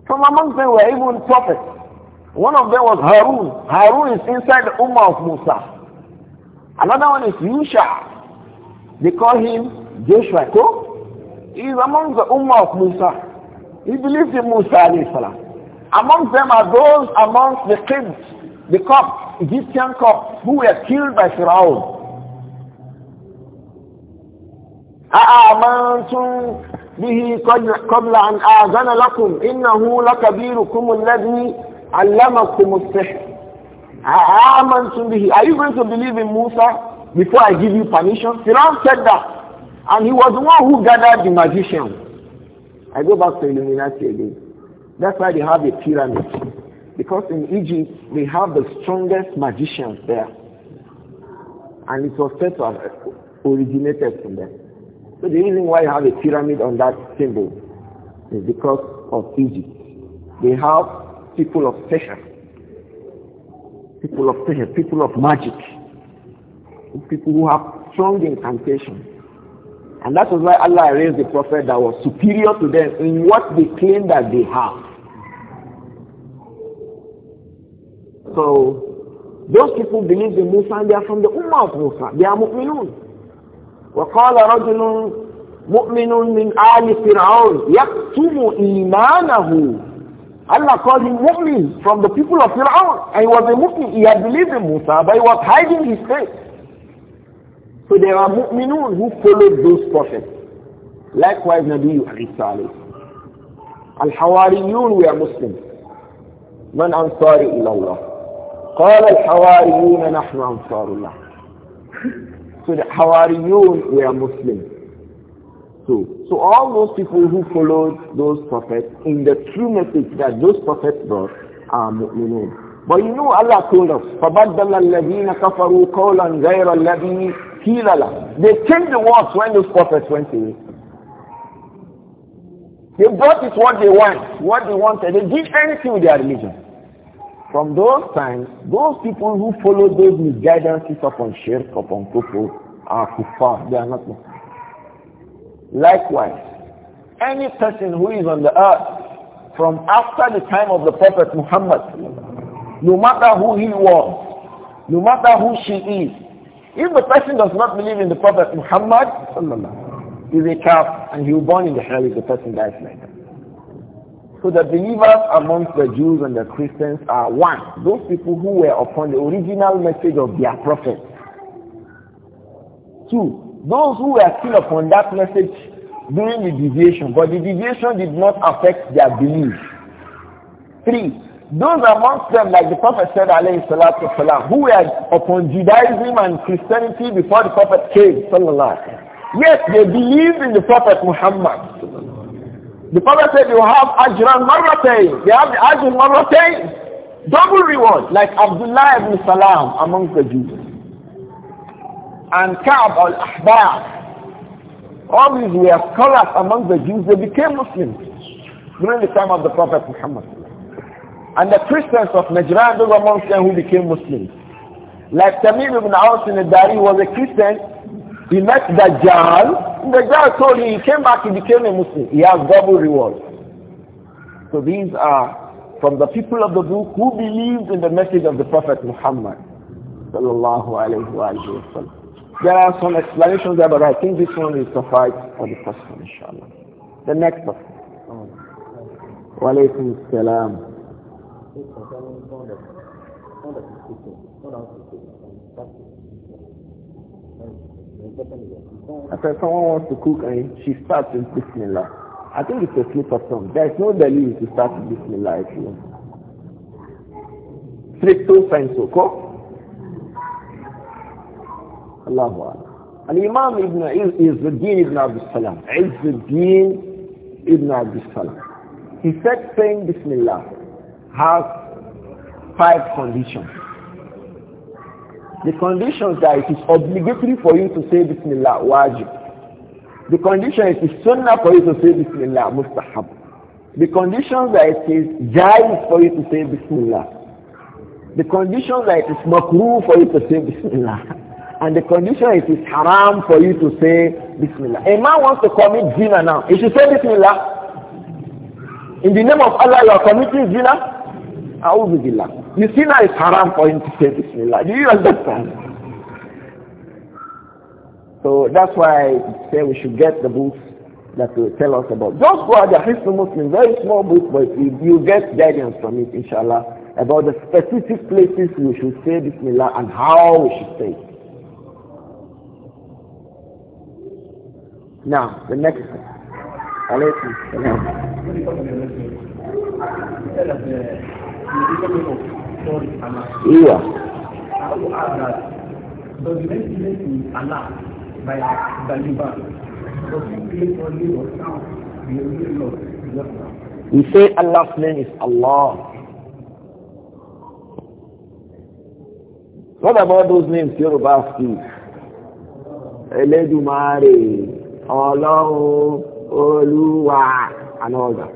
From among them were even prophets. One of them was Harun. Harun is inside the Ummah of Musa. Another one is Yusha. They call him Joshua. is among the ummah of Musa. He believes in Musa alayhi salam. Among them are those among the kids, the cops, Egyptian cops, who were killed by Pharaoh. أآمنتم به قبل أن آذن لكم إنه لكبيركم الذي علمكم السحر أآمنتم به Are you going to believe in Musa before I give you permission? Pharaoh said that. And he was the one who gathered the magicians. I go back to Illuminati again. That's why they have a pyramid. Because in Egypt, they have the strongest magicians there. And it was said to have originated from there. So the reason why you have a pyramid on that symbol is because of Egypt. They have people of Seher. People of Seher, people of magic. People who have strong incantations. And that is why Allah raised a prophet that was superior to them in what they claim that they have. So, those people believe in Musa and they are from the Ummah of Musa. They are mu'minun. وقال رجل مؤمن من آل فرعون يكتم إيمانه Allah called him mu'min from the people of Fir'aun. And he was a Muslim. He had believed in Musa, but he was hiding his faith. So there are mu'minun who followed those prophets. Likewise, Nabi Isa Al-Hawariyun are Muslims. من أنصاري إلى الله قال الحواريون نحن أنصار الله So the Hawariyun are Muslims. So, so all those people who followed those prophets in the true message that those prophets brought are mu'minun. But you know Allah told us, فَبَدَّلَ الَّذِينَ كَفَرُوا قَوْلًا غَيْرَ they changed the words when those prophets went away. They brought it what they want, what they wanted. They did anything with their religion. From those times, those people who followed those misguidances upon shirk, upon kufr, are kufr. They are not Muslims. Likewise, any person who is on the earth from after the time of the Prophet Muhammad, no matter who he was, no matter who she is, if the person does not believe in the Prophet Muhammad, he's a calf and he'll burn in the hell if the person dies like that. So the believers amongst the Jews and the Christians are one. Those people who were upon the original message of their prophet. Two, those who were still upon that message during the deviation, but the deviation did not affect their belief. Three, those amongst them, like the Prophet said, alayhi salatu salam, who were upon Judaism and Christianity before the Prophet came, sallallahu Yes, they believed in the Prophet Muhammad. The Prophet said, you have ajran Marwatay. They have the ajran Marwatay. Double reward, like Abdullah ibn Salam amongst the Jews. And Ka'b al-Ahbar. All these were scholars amongst the Jews. They became Muslims during the time of the Prophet Muhammad. And the Christians of Najran, those amongst them who became Muslims. Like Tamir ibn Aus in Dari was a Christian. He met Dajjal. Dajjal told him, he came back, he became a Muslim. He has double reward. So these are from the people of the book who believed in the message of the Prophet Muhammad. There are some explanations there, but I think this one is suffice for the first one, inshallah. The next one. Wa alaykum I said, someone wants to cook and she starts in Bismillah. I think it's a slip of tongue. There is no delay to start in Bismillah if you want. Stricto sensu, ko? Allahu Akbar. الإمام ابن عز الدين ابن عبد السلام عز الدين ابن عبد السلام he said saying Bismillah has five conditions the conditions that it is obligatory for you to say Bismillah, wajib. The condition it is sunnah for you to say Bismillah, mustahab. The condition that it is jaiz for you to say Bismillah. The condition that it is makruh for you to say Bismillah. (laughs) And the condition it is haram for you to say Bismillah. A man wants to commit zina now. He should say Bismillah. In the name of Allah, you are committing zina. A'udhu billah. You see now it's haram for him to say Bismillah. Do you understand? So that's why I say we should get the books that will tell us about. Just go out the Christian Muslim, very small book, but you, you get guidance from it, inshallah, about the specific places we should say Bismillah and how we should say it. Now, the next one. Alaykum salam. Iya. We say Allah's name is Allah. What about those names Yoruba speak? Eledumare, Ọlọ́run, Olúwa, and all that.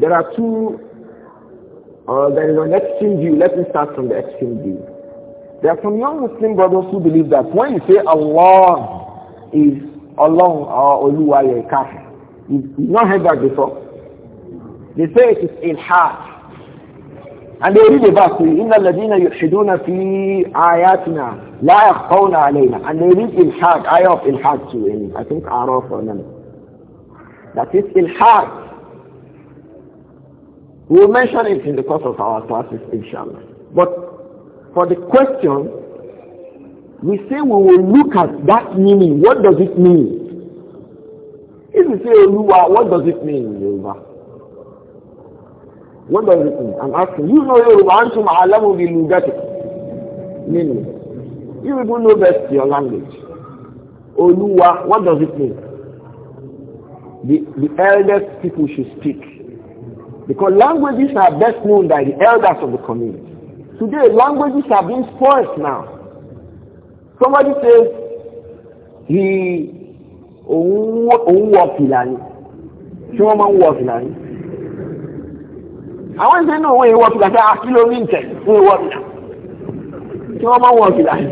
There are two Uh, there is an extreme view. Let me start from the extreme view. There are some young Muslim brothers who believe that when you say Allah is Allah or Oluwa Kafir, you've not heard that before. They say it is ilhad. And they read about it. إِنَّ الَّذِينَ يُحْشِدُونَ فِي آيَاتِنَا لَا يَخْقَوْنَ عَلَيْنَا And they read ilhad, ayah of to too. I think Araf or none. That is ilhad. We'll mention it in the course of our classes, inshallah. But for the question, we say we will look at that meaning. What does it mean? If you say Oluwa, what does it mean in Yoruba? What does it mean? I'm asking. You know Yoruba, Antum Alamu Bilugati. Meaning. You even know best your language. Oluwa, what does it mean? The, the eldest people should speak. Because languages are best known by the elders of the community. Today, languages are being spoiled now. Somebody says, he òun wọ in line, tí wọ́n máa ń wọ fìlà ni. àwọn ìṣe náà wọ́n yìí wọ fìlà sí akíló ní ìtẹ̀ wọ́n yìí wọ fìlà tí wọ́n máa ń wọ fìlà ni.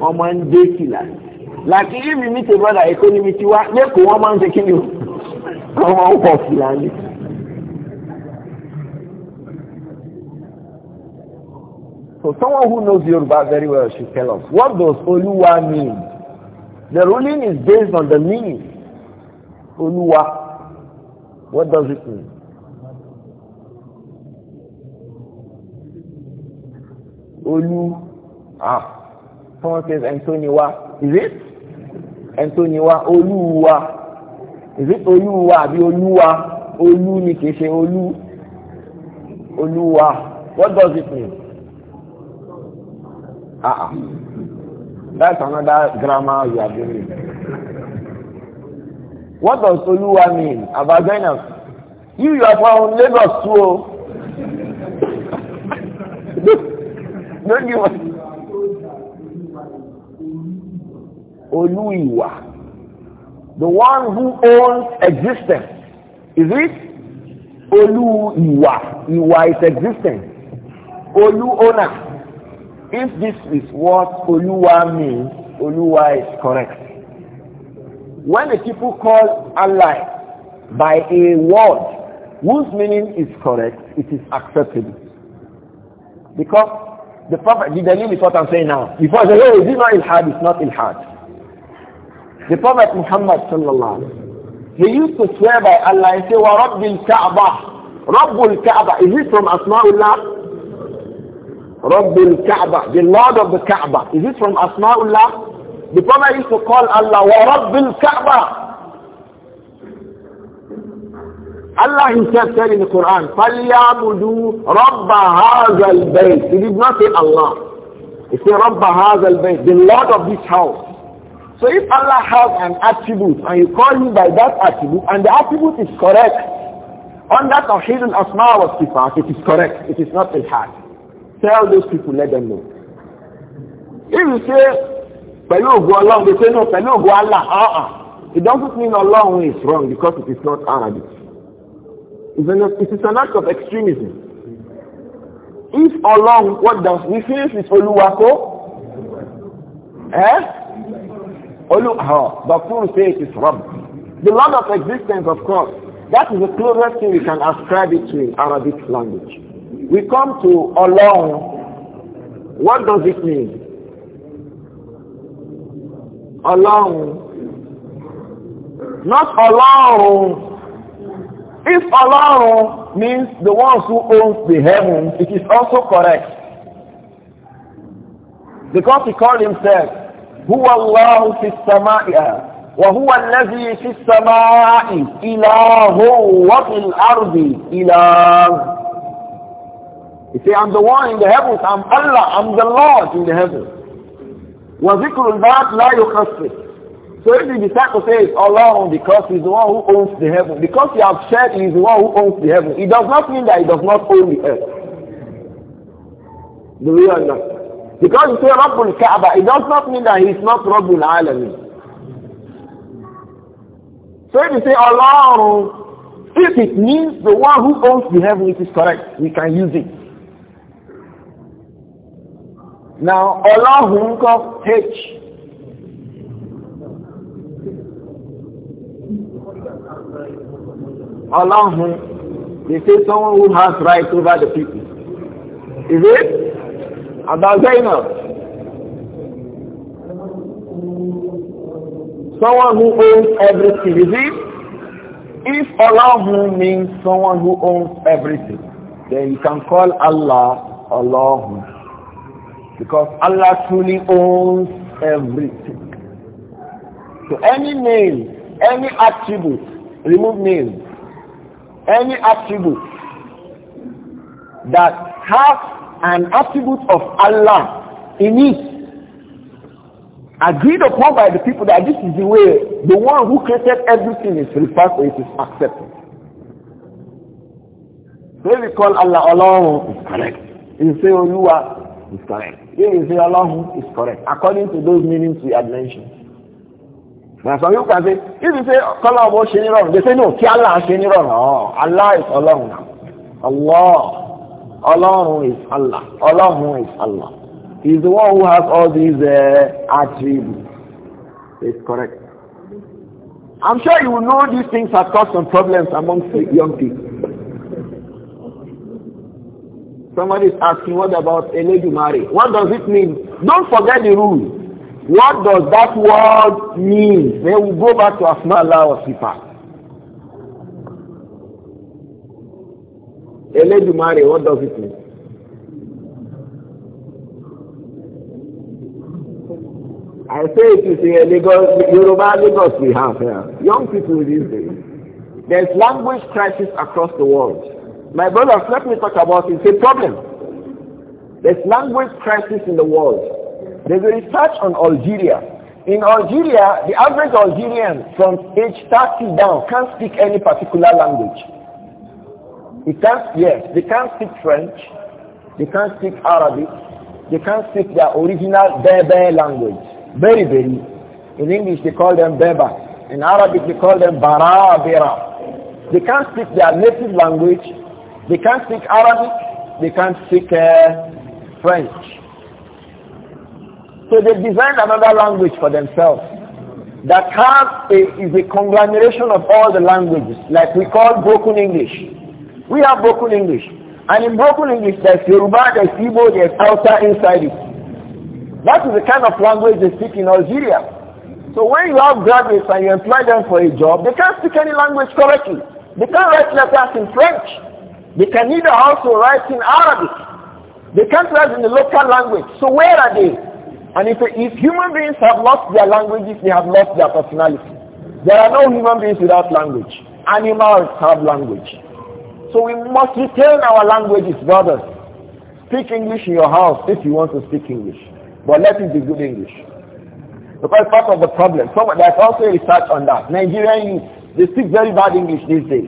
wọ́n máa ń dé fìlà. làkìrí mi mi tè brọ́dà èkó ni mi ti wá lẹ́kọ̀ọ́ wọ́n máa ń ṣe kí ni o. Àwọn ọkọ̀ Fìlàní. So someone who knows Yoruba very well should tell us, what does Oluwa mean? The ruling is based on the meaning. Oluwa. What does it mean? Olu. Ah. Someone says Antoniwa. Is it? Antoniwa. Oluwa. ìfi olúwa àbí olúwa olú ni kì í ṣe olú olúwa what does it mean? ah ah that's another grammar you are doing what does olúwa mean abagana you you are from Lagos too o oh. (laughs) don't you olúwa. The one who owns existence. Is it? Olu Iwa. Iwa is existence. Olu Ona. If this is what Oluwa means, Oluwa is correct. When the people call Allah by a word whose meaning is correct, it is acceptable. Because the Prophet, the Dalil is what I'm saying now. Before I say, hey, oh, is it not Ilhad? It's not Ilhad. The Prophet Muhammad sallallahu alayhi he used to swear by Allah and say, Wa Rabbil Kaaba. Rabbul Kaaba. Is it from Asma'ullah? Rabbul Kaaba. The Lord of the Kaaba. Is it from Asma'ullah? The Prophet used to call Allah, Wa Rabbil Kaaba. Allah himself said in the Quran, فَلْيَعْبُدُوا رَبَّ هَذَا الْبَيْتِ He did not say Allah. He said رَبَّ هَذَا الْبَيْتِ The Lord of this house. So if Allah has an attribute and you call him by that attribute and the attribute is correct, on that occasion al-Asma wa Sifat, it is correct, it is not a hard. Tell those people, let them know. If you say, pẹ̀lú go along," they say no, pẹ̀lú go Allah, uh-uh. It doesn't mean ọlọ́run is wrong because it is not Arabic. It's an, it is an act of extremism. If along, what does, we finish with Oluwako? Eh? Oluha, oh, Bakun says it's Rabb. The Lord of existence, of course. That is the closest thing we can ascribe it to in Arabic language. We come to Allah. What does it mean? Allah. Not Allah. If Allah means the ones who owns the heavens, it is also correct. Because he called himself هو الله في السماء وهو الذي في السماء إله وفي الأرض إله He say, I'm the one in the heavens, I'm Allah, I'm the Lord in the heavens. وذكر البعض لا يخصص So if the disciple says Allah because he's the one who owns the heaven, because he has said he's the one who owns the heaven, it does not mean that he does not own the earth. Do we understand? Because you say Rabbul Kaaba, it does not mean that he is not Rabbul Alameen. So if you say Allah, if it means the one who owns the heaven, it is correct. We can use it. Now, who of H. Allah, they say someone who has right over the people. Is it? about Zainab. Someone who owns everything. You see, if Allah means someone who owns everything, then you can call Allah Allah Because Allah truly owns everything. So any name, any attribute, remove name, any attribute that has an attribute of Allah in it agreed upon by the people that this is the way the one who created everything is referred to it is accepted. So if you call Allah alone is correct. If you say Oluwa is correct. If you say Allah is correct. According to those meanings we had mentioned. Now some people can say, if you say call Allah wrong, they say no, Ki Allah Shani oh, Allah is alone. now. Allah. Allahu is Allah. Allahu is Allah. He is the one who has all these uh, attributes. It's correct. I'm sure you will know these things have caused some problems the young people. Somebody is asking, what about a lady married? What does it mean? Don't forget the rule. What does that word mean? Then we go back to Asma Allah or Sifat. Eledumare, what does it mean? I say it is a legal, Yoruba Lagos we have here. Young people these days. There's language crisis across the world. My brothers, let me talk about it. It's a problem. There's language crisis in the world. There's a research on Algeria. In Algeria, the average Algerian from age 30 down can't speak any particular language. He can't, yes, they can't speak French, they can't speak Arabic, they can't speak their original Berber language. very. In English they call them Berber. In Arabic they call them Barabera. They can't speak their native language, they can't speak Arabic, they can't speak uh, French. So they designed another language for themselves that has is a conglomeration of all the languages, like we call broken English. We have broken English. And in broken English, there's Yoruba, there's Igbo, there's Hausa inside it. That is the kind of language they speak in Algeria. So when you have graduates and you employ them for a job, they can't speak any language correctly. They can't write letters in French. They can neither also write in Arabic. They can't write in the local language. So where are they? And if, if human beings have lost their languages, they have lost their personality. There are no human beings without language. Animals have language. So we must retain our languages, brothers. Speak English in your house if you want to speak English. But let it be good English. Because part of the problem, so there's also research on that. Nigerian youth, they speak very bad English these days.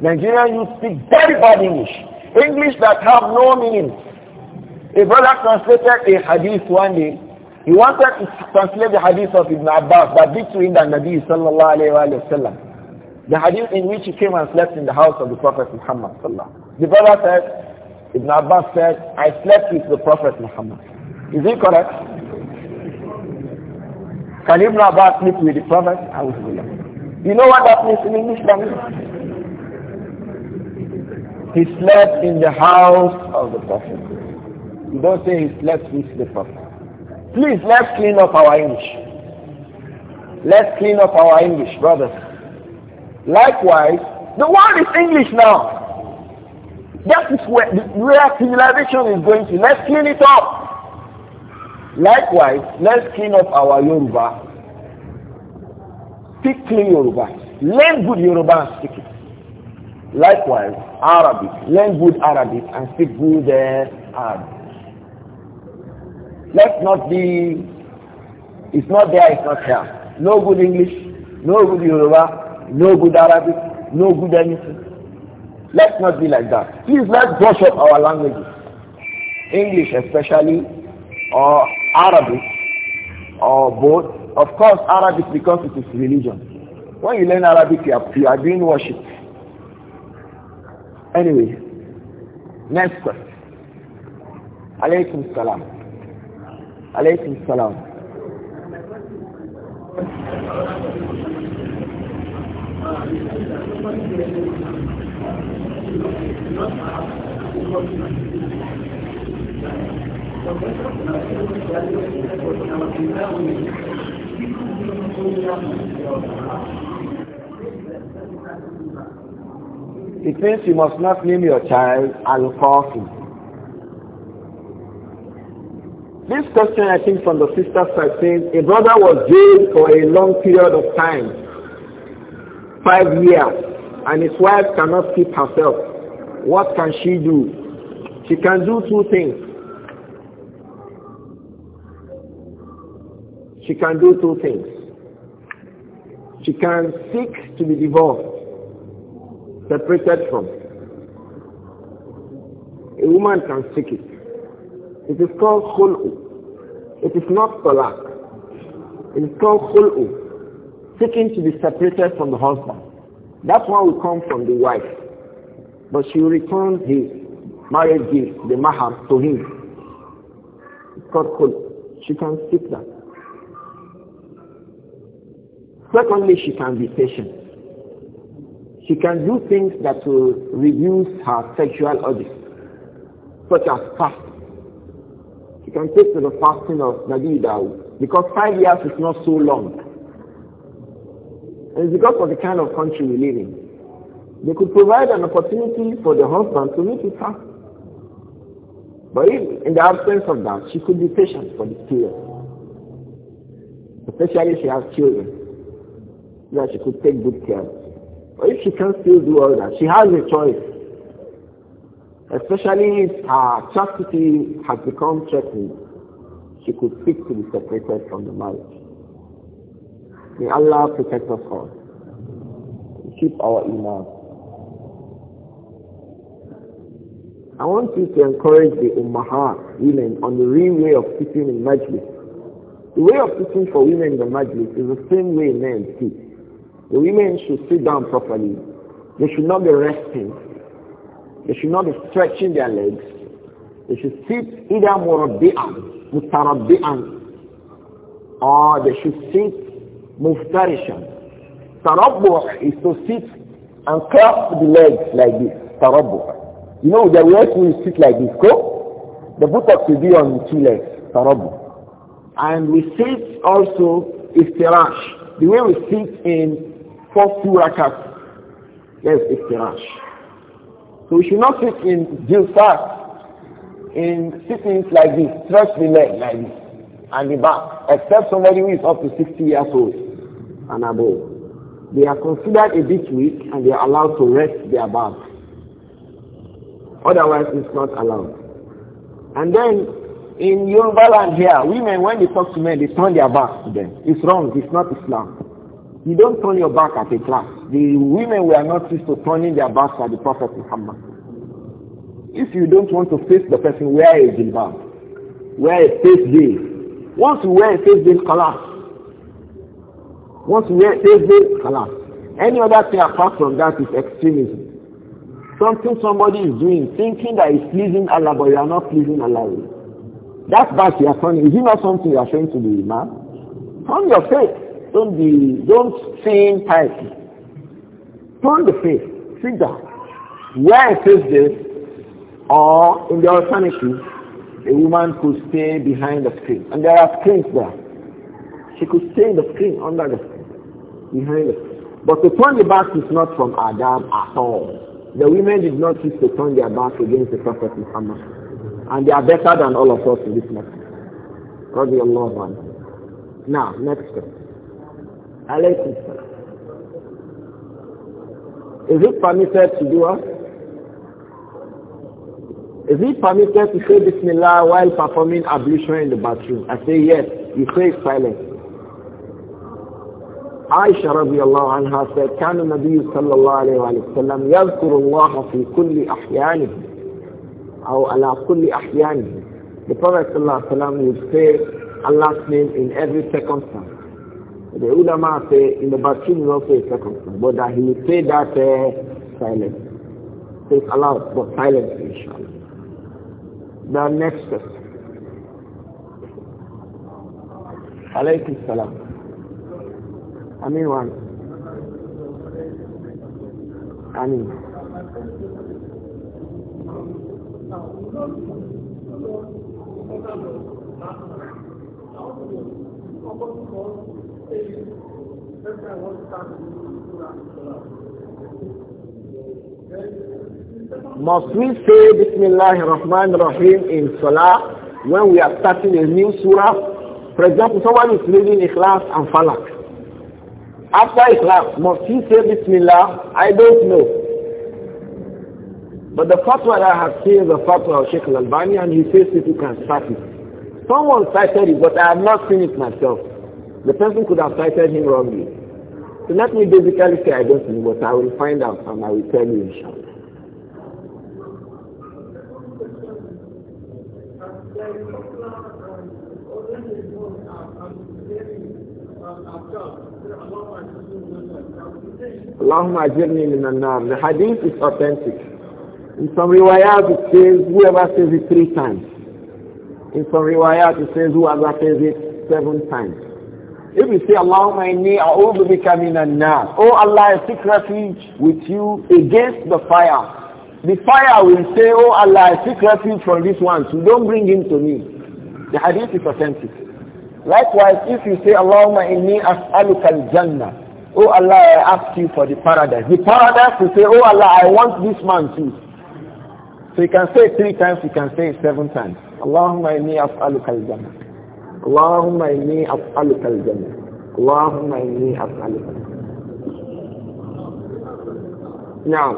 Nigerian youth speak very bad English. English that have no meaning. A brother translated a hadith one day. He wanted to translate the hadith of Ibn Abbas, but between the Nabi sallallahu alayhi wa sallam. The hadith in which he came and slept in the house of the Prophet Muhammad The brother said, Ibn Abbas said, I slept with the Prophet Muhammad. Is it correct? Can Ibn Abbas sleep with the Prophet? You know what that means in English language? He slept in the house of the Prophet. You don't say he slept with the Prophet. Please, let's clean up our English. Let's clean up our English, brothers. Likewise, the world is English now. That is where, where civilization is going to. Let's clean it up. Likewise, let's clean up our Yoruba. Speak clean Yoruba. Learn good Yoruba and speak it. Likewise, Arabic. Learn good Arabic and speak good uh, Arabic. Let's not be, it's not there, it's not here. No good English, no good Yoruba, no good Arabic, no good anything. Let's not be like that. Please let's brush up our languages. English especially, or Arabic, or both. Of course, Arabic because it is religion. When you learn Arabic, you are, you are doing worship. Anyway, next question. Alaykum salam. Alaykum salam. It means you must not name your child Al-Qasim. This question I think from the sister side says, a brother was jailed for a long period of time five years and his wife cannot keep herself, what can she do? She can do two things. She can do two things. She can seek to be divorced, separated from. A woman can seek it. It is called khul'u. It is not talaq. It is called khul'u taken to be separated from the husband. That one will come from the wife. But she will return his marriage gift, the mahar, to him. It's called She can skip that. Secondly, she can be patient. She can do things that will reduce her sexual urges, such as fasting. She can take to the fasting of Nabi Dawud, because five years is not so long. It's because of the kind of country we live in. They could provide an opportunity for the husband to meet with her. But if, in the absence of that, she could be patient for this period. Especially if she has children. That she could take good care. But if she can still do all that, she has a choice. Especially if her chastity has become threatened, she could seek to be separated from the marriage. May Allah protect us all. Keep our iman. I want you to encourage the Ummahat women on the real way of sitting in majlis. The way of sitting for women in the majlis is the same way men sit. The women should sit down properly. They should not be resting. They should not be stretching their legs. They should sit either murabbi'an, mutarabbi'an, or they should sit Muftarishan. tarabu is to sit and cross the legs like this. tarabu. You know, the way we sit like this, go? The buttocks will be on two legs. Tarabbuh. And we sit also istirash. The way we sit in four two rakats, yes, istirash. So we should not sit in jilsas in sitting like this, stretch the leg like this, and the back, except somebody who is up to 60 years old and above. They are considered a bit weak and they are allowed to rest their backs. Otherwise, it's not allowed. And then, in Yoruba land here, women, when they talk to men, they turn their back to them. It's wrong. It's not Islam. You don't turn your back at a class. The women were not used to turning their backs at the Prophet Muhammad. If you don't want to face the person, wear a jilbab. Wear a face Once you wear a face veil, collapse. Once you says this, Allah. Any other thing apart from that is extremism. Something somebody is doing, thinking that is pleasing Allah, but you are not pleasing Allah. That's bad you are saying. Is it not something you are saying to the man? Turn your faith. Don't be, don't feign piety. Turn the faith. Sit down. Where it says this, or in the alternative, a woman could stay behind the screen. And there are screens there. She could stay in the screen under the screen behind it, But to turn the back is not from Adam at all. The women did not choose to turn their back against the Prophet Muhammad. And they are better than all of us in this matter. رضي الله عنه. Now, next step. Alaykum Is it permitted to do us? Is it permitted to say Bismillah while performing ablution in the bathroom? I say yes. You say it silent. Aisha رضي الله said, كان النبي صلى الله عليه وسلم يذكر الله في كل أحيانه أو على كل أحيانه. The Prophet صلى الله عليه وسلم would say Allah's name in every circumstance. The ulama say in the bathroom is also a circumstance, but that he would say that uh, silence. Say Allah, but silence inshallah. The next step عليكم السلام امين وامين Must we say Bismillah Rahman Rahim in Salah when we are starting a new surah? For example, someone is reading Ikhlas and Falak. After Islam, must he say Bismillah? I don't know. But the fatwa I have seen is the fatwa of Sheikh Al-Albani and he says people can start it. Someone cited it, but I have not seen it myself. The person could have cited him wrongly. So let me basically say I don't know, but I will find out and I will tell you inshallah. Allahumma ajirni min an The hadith is authentic. In some riwayat it says, whoever says it three times. In some riwayat it says, whoever says it seven times. If you say, Allahumma inni a'udhu bika min an-nar. Oh Allah, I seek refuge with you against the fire. The fire will say, oh Allah, I seek refuge from this one. So don't bring him to me. The hadith is authentic. Likewise, if you say, Allahumma inni as'aluka al-jannah. Oh Allah, I ask you for the paradise. The paradise will say, Oh Allah, I want this man too. So you can say three times, you can say seven times. Allahumma inni as'aluka al-jannah. Allahumma inni as'aluka al-jannah. Allahumma inni as'aluka Now,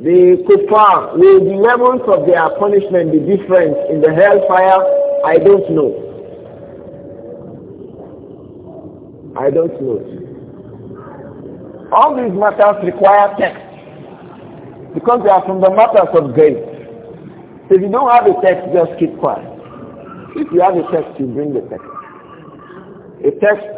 the kuffar, will the levels of their punishment be different in the hellfire? I don't know. I don't know. All these matters require text because they are from the matters of grace. So if you don't have a text, just keep quiet. If you have a text, you bring the text. A text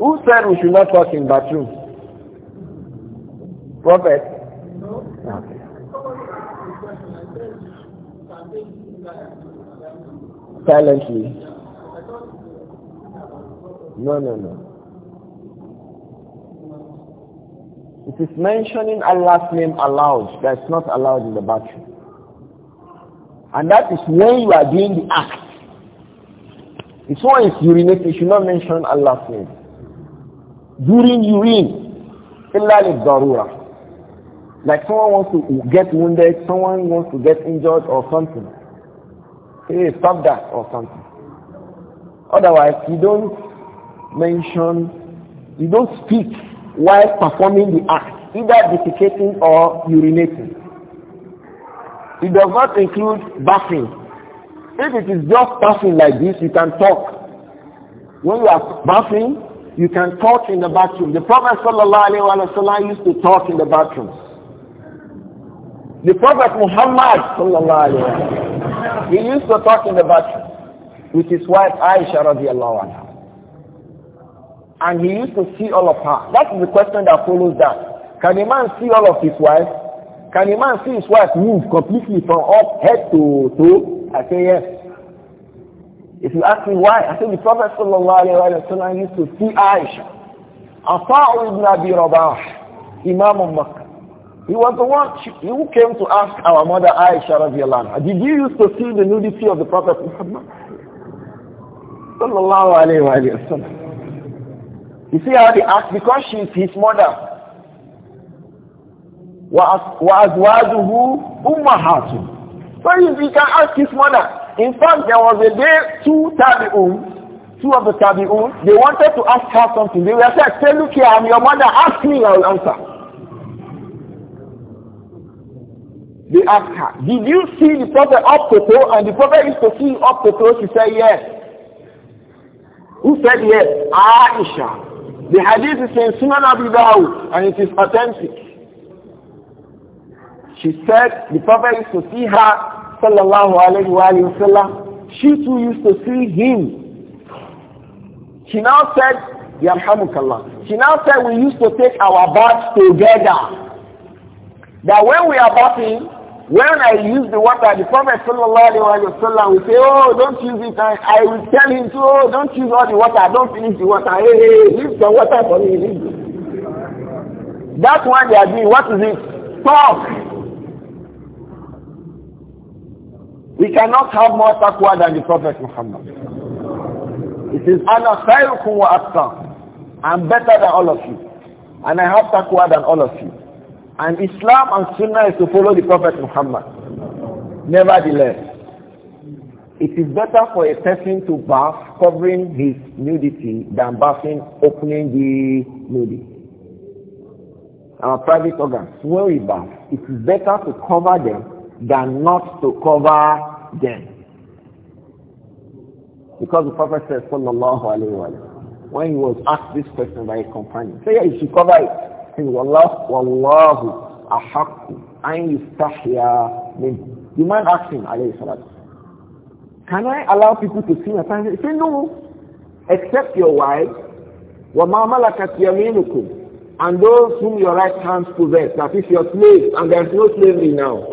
Who said we should not talk in bathroom? Prophet? No. Okay. Silently. No, no, no. It is mentioning Allah's name aloud. That's not allowed in the bathroom. And that is when you are doing the act. It's why urinating, you should not mention Allah's name during urine illa darura like someone wants to get wounded someone wants to get injured or something hey stop that or something otherwise you don't mention you don't speak while performing the act either defecating or urinating it does not include bathing if it is just bathing like this you can talk when you are bathing you can talk in the bathroom. The Prophet ﷺ used to talk in the bathroom. The Prophet Muhammad ﷺ, he used to talk in the bathroom with his wife Aisha radiallahu anha. And he used to see all of her. That is the question that follows that. Can a man see all of his wife? Can a man see his wife move completely from up head to toe? I say yes. If you ask me why, I say the Prophet ﷺ used to see Aisha. Afa'u ibn Abi Rabah, Imam of Makkah. He was the one who came to ask our mother Aisha radiallahu anha, did you used to see the nudity of the Prophet Muhammad? Sallallahu alayhi wa, alayhi You see how they asked? Because she is his mother. وَأَزْوَاجُهُ أُمَّهَاتُ So he can ask his mother. In fact, there was a day two tabi'un, two of the tabi'un, they wanted to ask her something. They were said, say, look here, I'm your mother, ask me, I will answer. They asked her, did you see the prophet up to toe? And the prophet used to see up to toe. She said, yes. Who said yes? Aisha. The hadith is in Sunan Abu Dawud and it is authentic. She said the prophet used to see her sallallahu alayhi wa sallam, she too used to see him. She now said, Yarhamukallah. She now said we used to take our baths together. That when we are bathing, when I use the water, the Prophet sallallahu alayhi wa sallam will say, oh, don't use it. I will tell him, oh, don't use all the water. Don't finish the water. Hey, hey, leave the water for me. That's why they are doing. What is it? Talk. We cannot have more taqwa than the Prophet Muhammad. It is ana khayrukum wa atqam. I'm better than all of you. And I have taqwa than all of you. And Islam and Sunnah is to follow the Prophet Muhammad. Nevertheless, it is better for a person to bath covering his nudity than bathing opening the nudity. Our private organs, when we bath, it is better to cover them than not to cover then, Because the Prophet said, sallallahu alayhi wa when he was asked this question by a companion, say, yeah, you should cover it. He said, wallahu, wallahu ahakku an yustahya min. You mind asking, him, alayhi salatu, can I allow people to see my pants? He said, no, except your wife, وَمَا مَلَكَتْ يَمِينُكُمْ and those whom your right hand possess, that is your slaves, and there is no slavery now.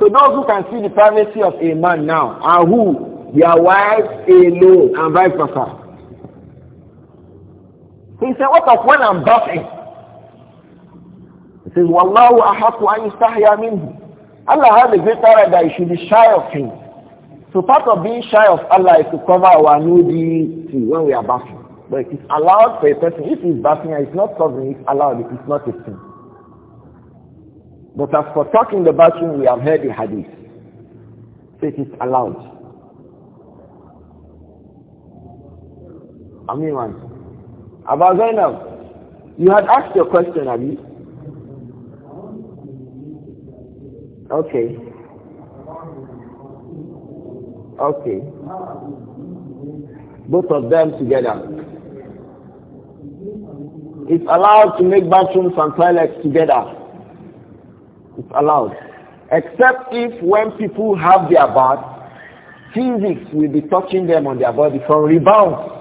So those who can see the privacy of a man now are who? Their wives alone and vice versa. He said, what of when I'm buffing? He says, Wallahu ahaku an yistahya minhu. Allah has a great right that you should be shy of him. So part of being shy of Allah is to cover our nudity when we are bathing. But it is allowed for a person. If he's bathing and it's not covering, it's allowed. It is not a sin. But as for talking the bathroom, we have heard the hadith. it is allowed. Amiran. Abba Zainab, you had asked your question, Ali. Okay. Okay. Both of them together. It's allowed to make bathrooms and toilets together. It's allowed. Except if when people have their bath, physics will be touching them on their body from rebound.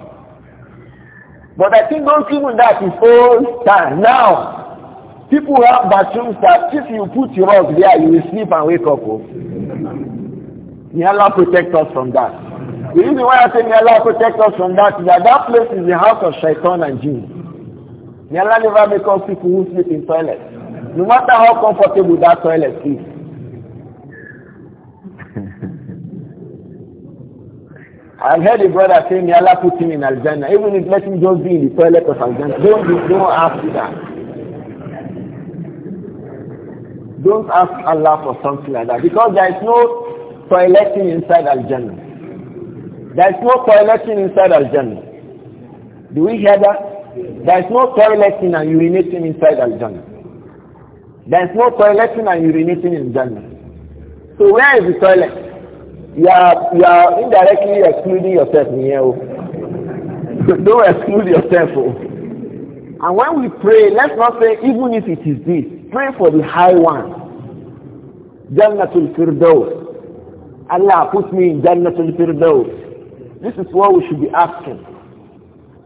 But I think not even that is old time. Now, people have bathrooms that if you put your rug there, you will sleep and wake up. Oh. May Allah protect us from that. The reason why I say may Allah protect us from that is that that place is the house of shaitan and jinn. May Allah never make us people who sleep in toilets. No matter how comfortable that toilet is. (laughs) I've heard a brother saying, May Allah put him in Al-Jannah. Even if let him just be in the toilet of Al-Jannah. Don't, don't ask that. Don't ask Allah for something like that. Because there is no toileting inside Al-Jannah. There is no toileting inside Al-Jannah. Do we hear that? There is no toileting and urinating inside Al-Jannah. There is no toileting and urinating in Jannah. So where is the toilet? You are, you are indirectly excluding yourself, Neo. (laughs) Don't exclude yourself. Oh. And when we pray, let's not say, even if it is this, pray for the high one. Jannatul Firdaus. Allah put me in Jannatul Firdaus. This is what we should be asking.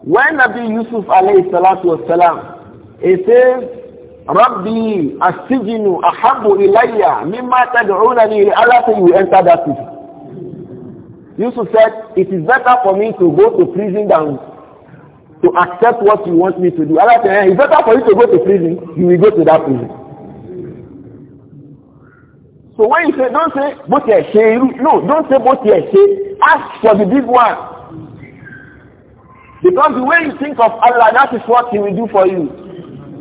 When Nabi Yusuf alayhi salatu was salam, he says, Rabbi asijinu ahabu ilayya mimma tad'unani Allah till you enter that prison. Yusuf said, it is better for me to go to prison than to accept what you want me to do. Allah said, eh, it's better for you to go to prison, you will go to that prison. So when you say, don't say, both your say," no, don't say both your say. ask for the big one. Because the way you think of Allah, that is what he will do for you.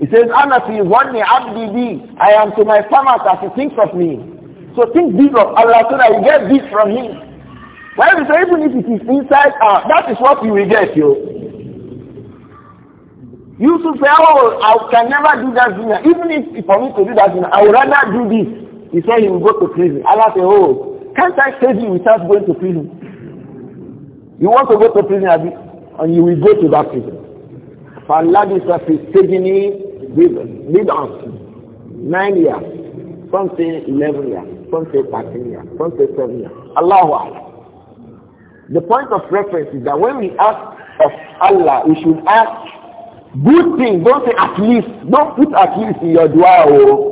He says, Ana fi wani abdi I am to my farmers as he thinks of me. So think big of Allah so that you get this from him. Why is even if it is inside that is what you will get, yo. You should say, oh, I can never do that zina. Even if, for me to do that zina, I would rather do this. He said he will go to prison. Allah said, oh, can't I save you without going to prison? You want to go to prison, and you will go to that prison. فالذي في السجن bid'ah, nine years, some say eleven years, some say thirteen years, some say seven years. Allah wa. The point of reference is that when we ask of Allah, we should ask good thing. Don't say at least. Don't put at least in your dua. Oh.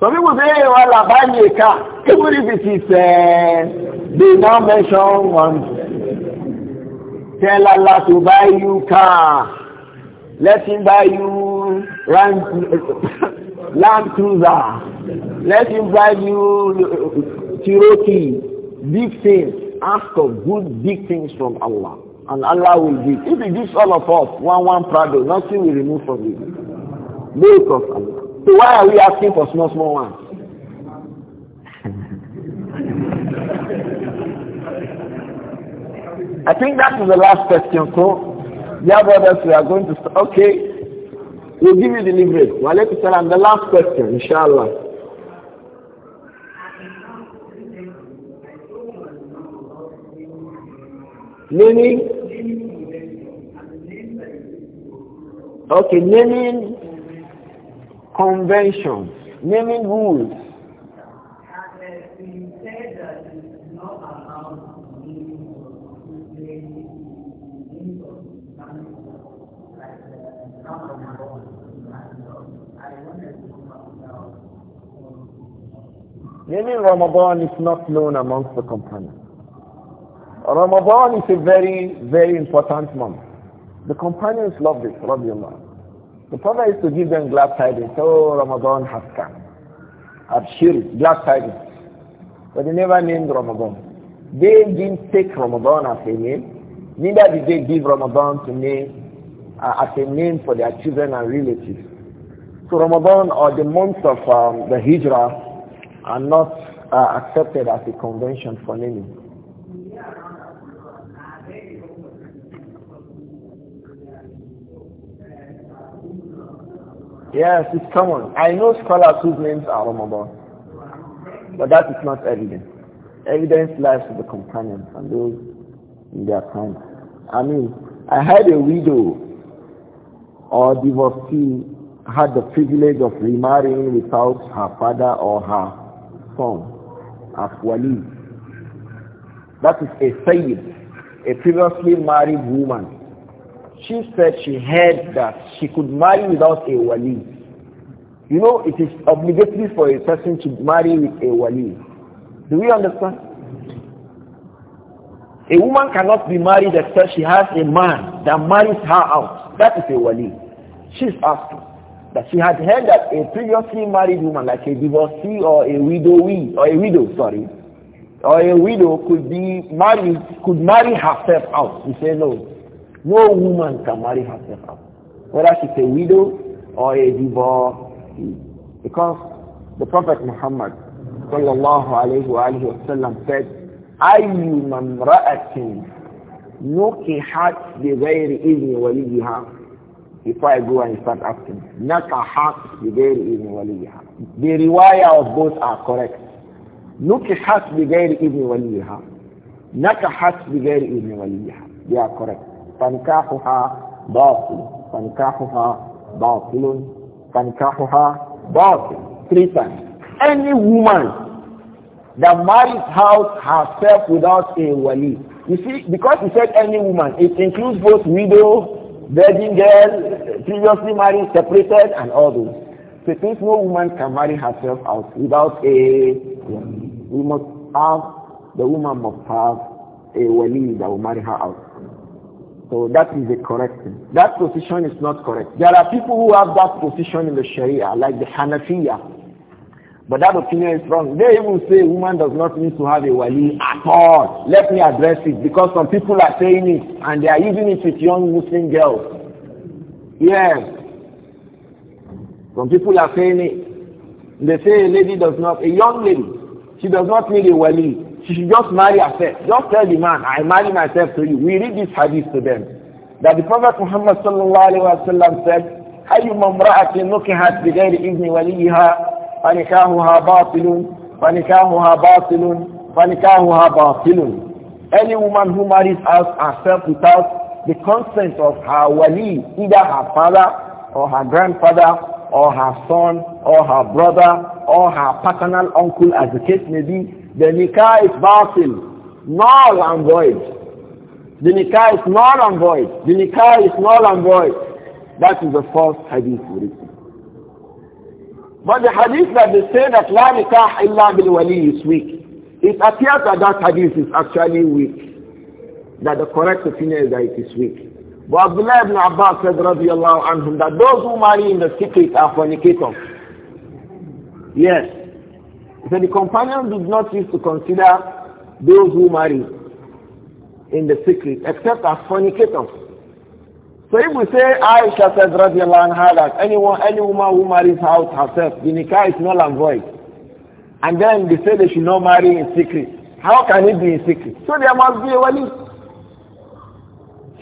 Some people say, hey, well, I buy me a car. Even if it is, uh, they now mention one. Tell Allah to buy you car. Let him buy you Land Cruiser. Let him buy you Cherokee. Big things. Ask of good big things from Allah. And Allah will give. If He gives all of us one one prado, nothing will remove from you. Big of Allah. So why are we asking for small small ones? (laughs) I think that is the last question, so Dear brothers, we are going to start. Okay. We'll give you delivery. the leverage. tell them The last question, inshallah. Naming. Okay, naming conventions, naming rules. Meaning Ramadan is not known amongst the companions. Ramadan is a very, very important month. The companions loved it, radiallahu. The Prophet used to give them glad tidings, oh Ramadan has come. Abshir, glad tidings. But they never named Ramadan. They didn't take Ramadan as a name, neither did they give Ramadan to name, uh, as a name for their children and relatives. So Ramadan or the month of um, the Hijrah are not uh, accepted as a convention for naming. Yes, it's common. I know scholars whose names are Ramadan, but that is not evidence. Evidence lies with the companions and those in their time. I mean, I had a widow or divorcee had the privilege of remarrying without her father or her son wali. That is a sayyid, a previously married woman. She said she heard that she could marry without a wali. You know, it is obligatory for a person to marry with a wali. Do we understand? A woman cannot be married except she has a man that marries her out. That is a wali. She's asking. That she had heard that a previously married woman, like a divorcee or a widowee, or a widow, sorry, or a widow could be married, could marry herself out. He said, no, no woman can marry herself out, whether she's a widow or a divorcee. Because the Prophet Muhammad sallallahu alayhi wa alayhi wa sallam said, أَيُّ مَمْرَأَةٍ نُكِحَتْ بِغَيْرِ إِذْنِ وَلِيِّهَا before I go and start asking. Nakahat bigayri ibn waliha. The riwayah of both are correct. Nukihat bigayri ibn waliha. Nakahat bigayri ibn waliha. They are correct. Fankahuha batil. Fankahuha batilun. Fankahuha batil. Three times. Any woman that marries out herself without a wali. You see, because he said any woman, it includes both widow Virgin girl, previously married, separated, and all those. So it means no woman can marry herself out without a We must have, the woman must have a wali that will marry her out. So that is the correct thing. That position is not correct. There are people who have that position in the Sharia, like the Hanafiya. But that opinion is wrong. They even say woman does not need to have a wali at all. Let me address it because some people are saying it and they are using it with young Muslim girls. Yes. Some people are saying it. They say a lady does not, a young lady, she does not need a wali. She should just marry herself. Just tell the man, I marry myself to you. We read this hadith to them. That the Prophet Muhammad sallallahu alayhi wa sallam said, أيما امرأة نكحت بغير إذن وليها فنكاهها باطل فنكاهها باطل فنكاهها باطل any woman who marries out herself without the consent of her wali either her father or her grandfather or her son or her brother or her paternal uncle as the case may be the nikah is batil null and void the nikah is null and void the nikah is null and void that is the first hadith we read but the hadith that they say that La Nikah illa bil wali is weak. It appears that that hadith is actually weak. That the correct opinion is that it is weak. But Abdullah ibn Abbas said radiallahu anhum that those who marry in the secret are fornicators. Yes. So the companions did not used to consider those who marry in the secret except as fornicators. So if we say Aisha said radiallahu anha that anyone, any woman who marries out herself, the nikah is null and void. And then they say they should not marry in secret. How can it be in secret? So there must be a wali.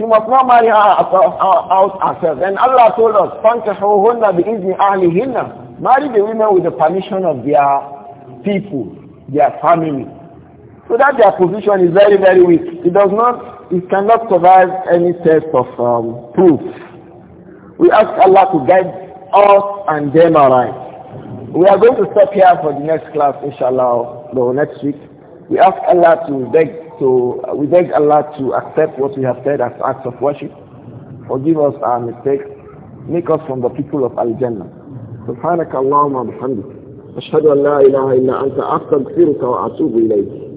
She must not marry her, out herself. And Allah told us, فَانْكَحُوهُنَّ بِإِذْنِ أَهْلِهِنَّ Marry the women with the permission of their people, their family. So that their position is very, very weak. It does not it cannot provide any test of um, proof. We ask Allah to guide us and them alright. We are going to stop here for the next class, inshallah, no, next week. We ask Allah to beg to we beg Allah to accept what we have said as acts of worship. Forgive us our mistakes. Make us from the people of Al Jannah. سبحانك اللهم وبحمدك أشهد أن لا إله إلا أنت أستغفرك وأتوب إليك